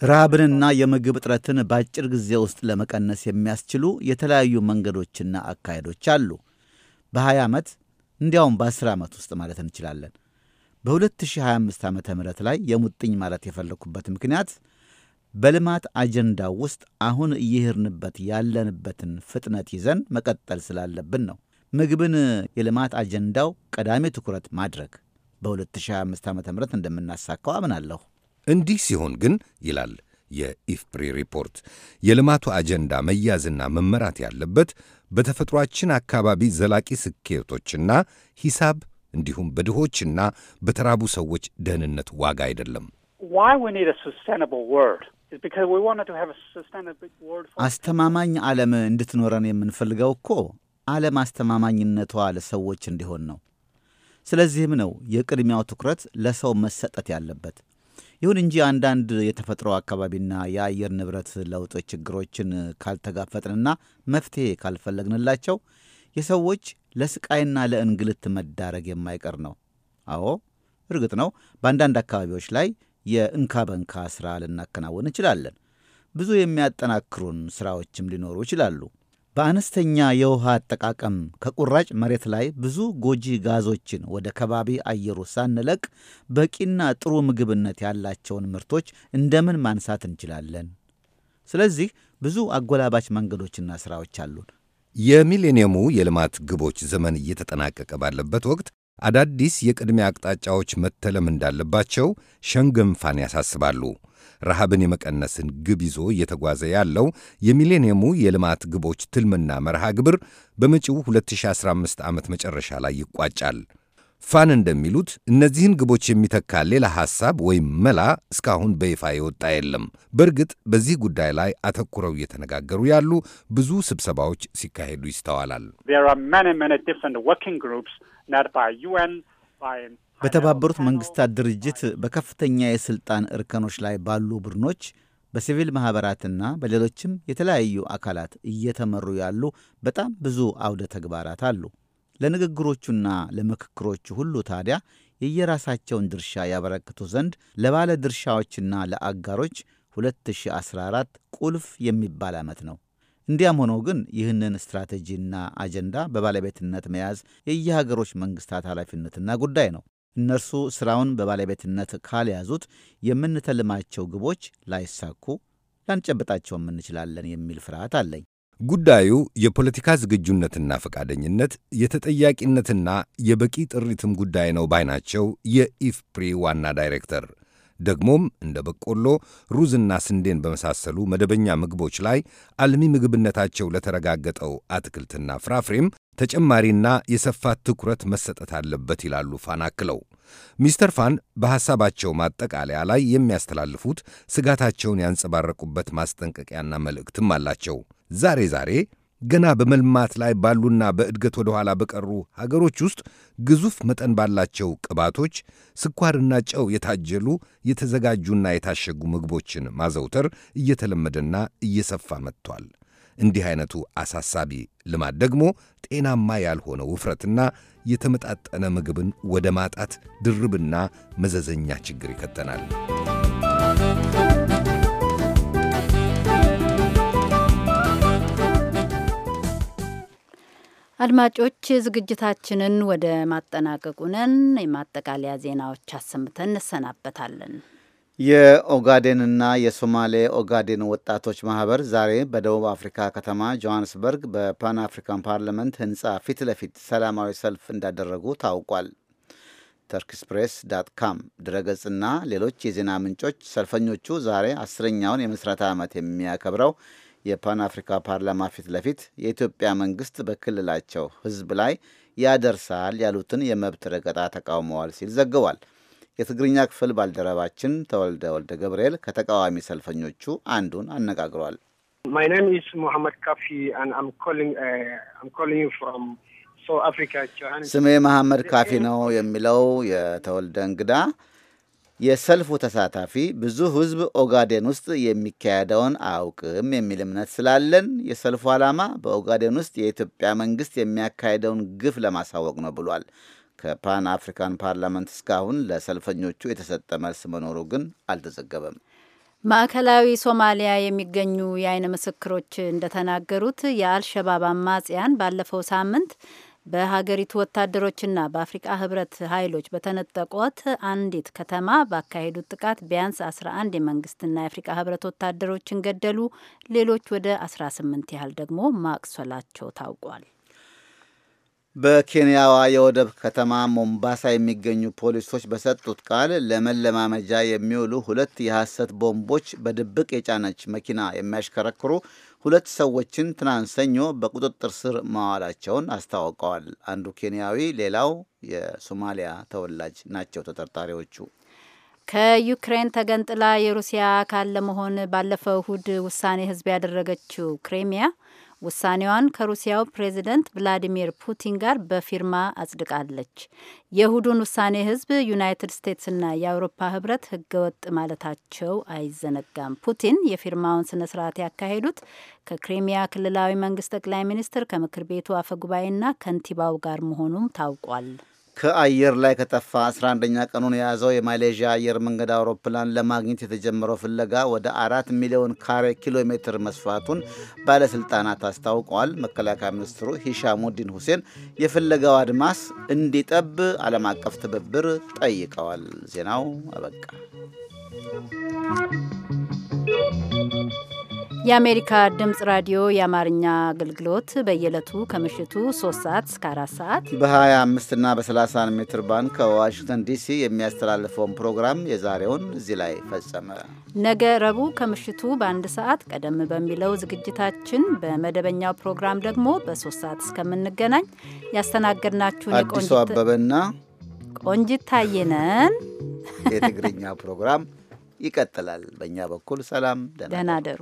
ረሃብንና የምግብ እጥረትን በአጭር ጊዜ ውስጥ ለመቀነስ የሚያስችሉ የተለያዩ መንገዶችና አካሄዶች አሉ። በ20 ዓመት እንዲያውም በ10 ዓመት ውስጥ ማለት እንችላለን። በ2025 ዓ ም ላይ የሙጥኝ ማለት የፈለግኩበት ምክንያት በልማት አጀንዳው ውስጥ አሁን እየሄድንበት ያለንበትን ፍጥነት ይዘን መቀጠል ስላለብን ነው። ምግብን የልማት አጀንዳው ቀዳሚ ትኩረት ማድረግ በ2025 ዓ ም እንደምናሳካው አምናለሁ። እንዲህ ሲሆን ግን ይላል የኢፍፕሪ ሪፖርት የልማቱ አጀንዳ መያዝና መመራት ያለበት በተፈጥሯችን አካባቢ ዘላቂ ስኬቶችና ሂሳብ እንዲሁም በድሆችና በተራቡ ሰዎች ደህንነት ዋጋ አይደለም። አስተማማኝ ዓለም እንድትኖረን የምንፈልገው እኮ ዓለም አስተማማኝነቷ ለሰዎች እንዲሆን ነው። ስለዚህም ነው የቅድሚያው ትኩረት ለሰው መሰጠት ያለበት። ይሁን እንጂ አንዳንድ የተፈጥሮ አካባቢና የአየር ንብረት ለውጥ ችግሮችን ካልተጋፈጥንና መፍትሄ ካልፈለግንላቸው የሰዎች ለስቃይና ለእንግልት መዳረግ የማይቀር ነው። አዎ እርግጥ ነው በአንዳንድ አካባቢዎች ላይ የእንካ በንካ ሥራ ልናከናውን እንችላለን። ብዙ የሚያጠናክሩን ሥራዎችም ሊኖሩ ይችላሉ። በአነስተኛ የውሃ አጠቃቀም ከቁራጭ መሬት ላይ ብዙ ጎጂ ጋዞችን ወደ ከባቢ አየሩ ሳንለቅ በቂና ጥሩ ምግብነት ያላቸውን ምርቶች እንደምን ማንሳት እንችላለን? ስለዚህ ብዙ አጎላባች መንገዶችና ሥራዎች አሉን። የሚሌኒየሙ የልማት ግቦች ዘመን እየተጠናቀቀ ባለበት ወቅት አዳዲስ የቅድሚያ አቅጣጫዎች መተለም እንዳለባቸው ሸንገንፋን ያሳስባሉ። ረሃብን የመቀነስን ግብ ይዞ እየተጓዘ ያለው የሚሌኒየሙ የልማት ግቦች ትልምና መርሃ ግብር በመጪው 2015 ዓመት መጨረሻ ላይ ይቋጫል። ፋን እንደሚሉት እነዚህን ግቦች የሚተካ ሌላ ሐሳብ ወይም መላ እስካሁን በይፋ የወጣ የለም። በእርግጥ በዚህ ጉዳይ ላይ አተኩረው እየተነጋገሩ ያሉ ብዙ ስብሰባዎች ሲካሄዱ ይስተዋላል። በተባበሩት መንግስታት ድርጅት በከፍተኛ የሥልጣን እርከኖች ላይ ባሉ ቡድኖች በሲቪል ማኅበራትና በሌሎችም የተለያዩ አካላት እየተመሩ ያሉ በጣም ብዙ አውደ ተግባራት አሉ። ለንግግሮቹና ለምክክሮቹ ሁሉ ታዲያ የየራሳቸውን ድርሻ ያበረክቱ ዘንድ ለባለ ድርሻዎችና ለአጋሮች 2014 ቁልፍ የሚባል ዓመት ነው። እንዲያም ሆኖ ግን ይህንን ስትራቴጂና አጀንዳ በባለቤትነት መያዝ የየሀገሮች መንግስታት ኃላፊነትና ጉዳይ ነው። እነርሱ ስራውን በባለቤትነት ካልያዙት የምንተልማቸው ግቦች ላይሳኩ፣ ላንጨብጣቸውም እንችላለን የሚል ፍርሃት አለኝ። ጉዳዩ የፖለቲካ ዝግጁነትና ፈቃደኝነት የተጠያቂነትና የበቂ ጥሪትም ጉዳይ ነው ባይናቸው የኢፍፕሪ ዋና ዳይሬክተር ደግሞም እንደ በቆሎ ሩዝና ስንዴን በመሳሰሉ መደበኛ ምግቦች ላይ አልሚ ምግብነታቸው ለተረጋገጠው አትክልትና ፍራፍሬም ተጨማሪና የሰፋ ትኩረት መሰጠት አለበት ይላሉ ፋን አክለው። ሚስተር ፋን በሐሳባቸው ማጠቃለያ ላይ የሚያስተላልፉት ስጋታቸውን ያንጸባረቁበት ማስጠንቀቂያና መልእክትም አላቸው። ዛሬ ዛሬ ገና በመልማት ላይ ባሉና በእድገት ወደ ኋላ በቀሩ ሀገሮች ውስጥ ግዙፍ መጠን ባላቸው ቅባቶች፣ ስኳርና ጨው የታጀሉ የተዘጋጁና የታሸጉ ምግቦችን ማዘውተር እየተለመደና እየሰፋ መጥቷል። እንዲህ አይነቱ አሳሳቢ ልማድ ደግሞ ጤናማ ያልሆነ ውፍረትና የተመጣጠነ ምግብን ወደ ማጣት ድርብና መዘዘኛ ችግር ይከተናል። አድማጮች ዝግጅታችንን ወደ ማጠናቀቁ ነን። የማጠቃለያ ዜናዎች አሰምተን እንሰናበታለን። የኦጋዴንና የሶማሌ ኦጋዴን ወጣቶች ማህበር ዛሬ በደቡብ አፍሪካ ከተማ ጆሃንስበርግ በፓን አፍሪካን ፓርላመንት ህንፃ ፊት ለፊት ሰላማዊ ሰልፍ እንዳደረጉ ታውቋል። ተርክስ ፕሬስ ዳት ካም ድረገጽና ሌሎች የዜና ምንጮች ሰልፈኞቹ ዛሬ አስረኛውን የምስረታ ዓመት የሚያከብረው የፓን አፍሪካ ፓርላማ ፊት ለፊት የኢትዮጵያ መንግስት በክልላቸው ህዝብ ላይ ያደርሳል ያሉትን የመብት ረገጣ ተቃውመዋል ሲል ዘግቧል። የትግርኛ ክፍል ባልደረባችን ተወልደ ወልደ ገብርኤል ከተቃዋሚ ሰልፈኞቹ አንዱን አነጋግሯል። ማይ ኔም ሙሐመድ ካፊ ስሜ መሐመድ ካፊ ነው የሚለው የተወልደ እንግዳ የሰልፉ ተሳታፊ ብዙ ህዝብ ኦጋዴን ውስጥ የሚካሄደውን አያውቅም የሚል እምነት ስላለን የሰልፉ ዓላማ በኦጋዴን ውስጥ የኢትዮጵያ መንግስት የሚያካሄደውን ግፍ ለማሳወቅ ነው ብሏል። ከፓን አፍሪካን ፓርላመንት እስካሁን ለሰልፈኞቹ የተሰጠ መልስ መኖሩ ግን አልተዘገበም። ማዕከላዊ ሶማሊያ የሚገኙ የአይን ምስክሮች እንደተናገሩት የአልሸባብ አማጽያን ባለፈው ሳምንት በሀገሪቱ ወታደሮችና በአፍሪቃ ህብረት ኃይሎች በተነጠቋት አንዲት ከተማ ባካሄዱት ጥቃት ቢያንስ 11 የመንግስትና የአፍሪቃ ህብረት ወታደሮችን ገደሉ። ሌሎች ወደ 18 ያህል ደግሞ ማቁሰላቸው ታውቋል። በኬንያዋ የወደብ ከተማ ሞምባሳ የሚገኙ ፖሊሶች በሰጡት ቃል ለመለማመጃ የሚውሉ ሁለት የሐሰት ቦምቦች በድብቅ የጫነች መኪና የሚያሽከረክሩ ሁለት ሰዎችን ትናንት ሰኞ በቁጥጥር ስር ማዋላቸውን አስታውቀዋል። አንዱ ኬንያዊ፣ ሌላው የሶማሊያ ተወላጅ ናቸው ተጠርጣሪዎቹ። ከዩክሬን ተገንጥላ የሩሲያ አካል ለመሆን ባለፈው እሁድ ውሳኔ ህዝብ ያደረገችው ክሬሚያ ውሳኔዋን ከሩሲያው ፕሬዚደንት ቭላዲሚር ፑቲን ጋር በፊርማ አጽድቃለች። የእሁዱን ውሳኔ ህዝብ ዩናይትድ ስቴትስና የአውሮፓ ህብረት ህገወጥ ማለታቸው አይዘነጋም። ፑቲን የፊርማውን ስነ ስርዓት ያካሄዱት ከክሪሚያ ክልላዊ መንግስት ጠቅላይ ሚኒስትር ከምክር ቤቱ አፈጉባኤና ከንቲባው ጋር መሆኑም ታውቋል። ከአየር ላይ ከጠፋ 11ኛ ቀኑን የያዘው የማሌዥያ አየር መንገድ አውሮፕላን ለማግኘት የተጀመረው ፍለጋ ወደ አራት ሚሊዮን ካሬ ኪሎ ሜትር መስፋቱን ባለሥልጣናት አስታውቀዋል። መከላከያ ሚኒስትሩ ሂሻሙዲን ሁሴን የፍለጋው አድማስ እንዲጠብ ዓለም አቀፍ ትብብር ጠይቀዋል። ዜናው አበቃ። የአሜሪካ ድምፅ ራዲዮ የአማርኛ አገልግሎት በየዕለቱ ከምሽቱ 3 ሰዓት እስከ 4 ሰዓት በ25 እና በ30 ሜትር ባንድ ከዋሽንግተን ዲሲ የሚያስተላልፈውን ፕሮግራም የዛሬውን እዚህ ላይ ፈጸመ። ነገ ረቡዕ ከምሽቱ በአንድ ሰዓት ቀደም በሚለው ዝግጅታችን በመደበኛው ፕሮግራም ደግሞ በ3 ሰዓት እስከምንገናኝ ያስተናገድናችሁን አዲሱ አበበና ቆንጂት ታየነን። የትግርኛ ፕሮግራም ይቀጥላል። በእኛ በኩል ሰላም፣ ደህና ደሩ።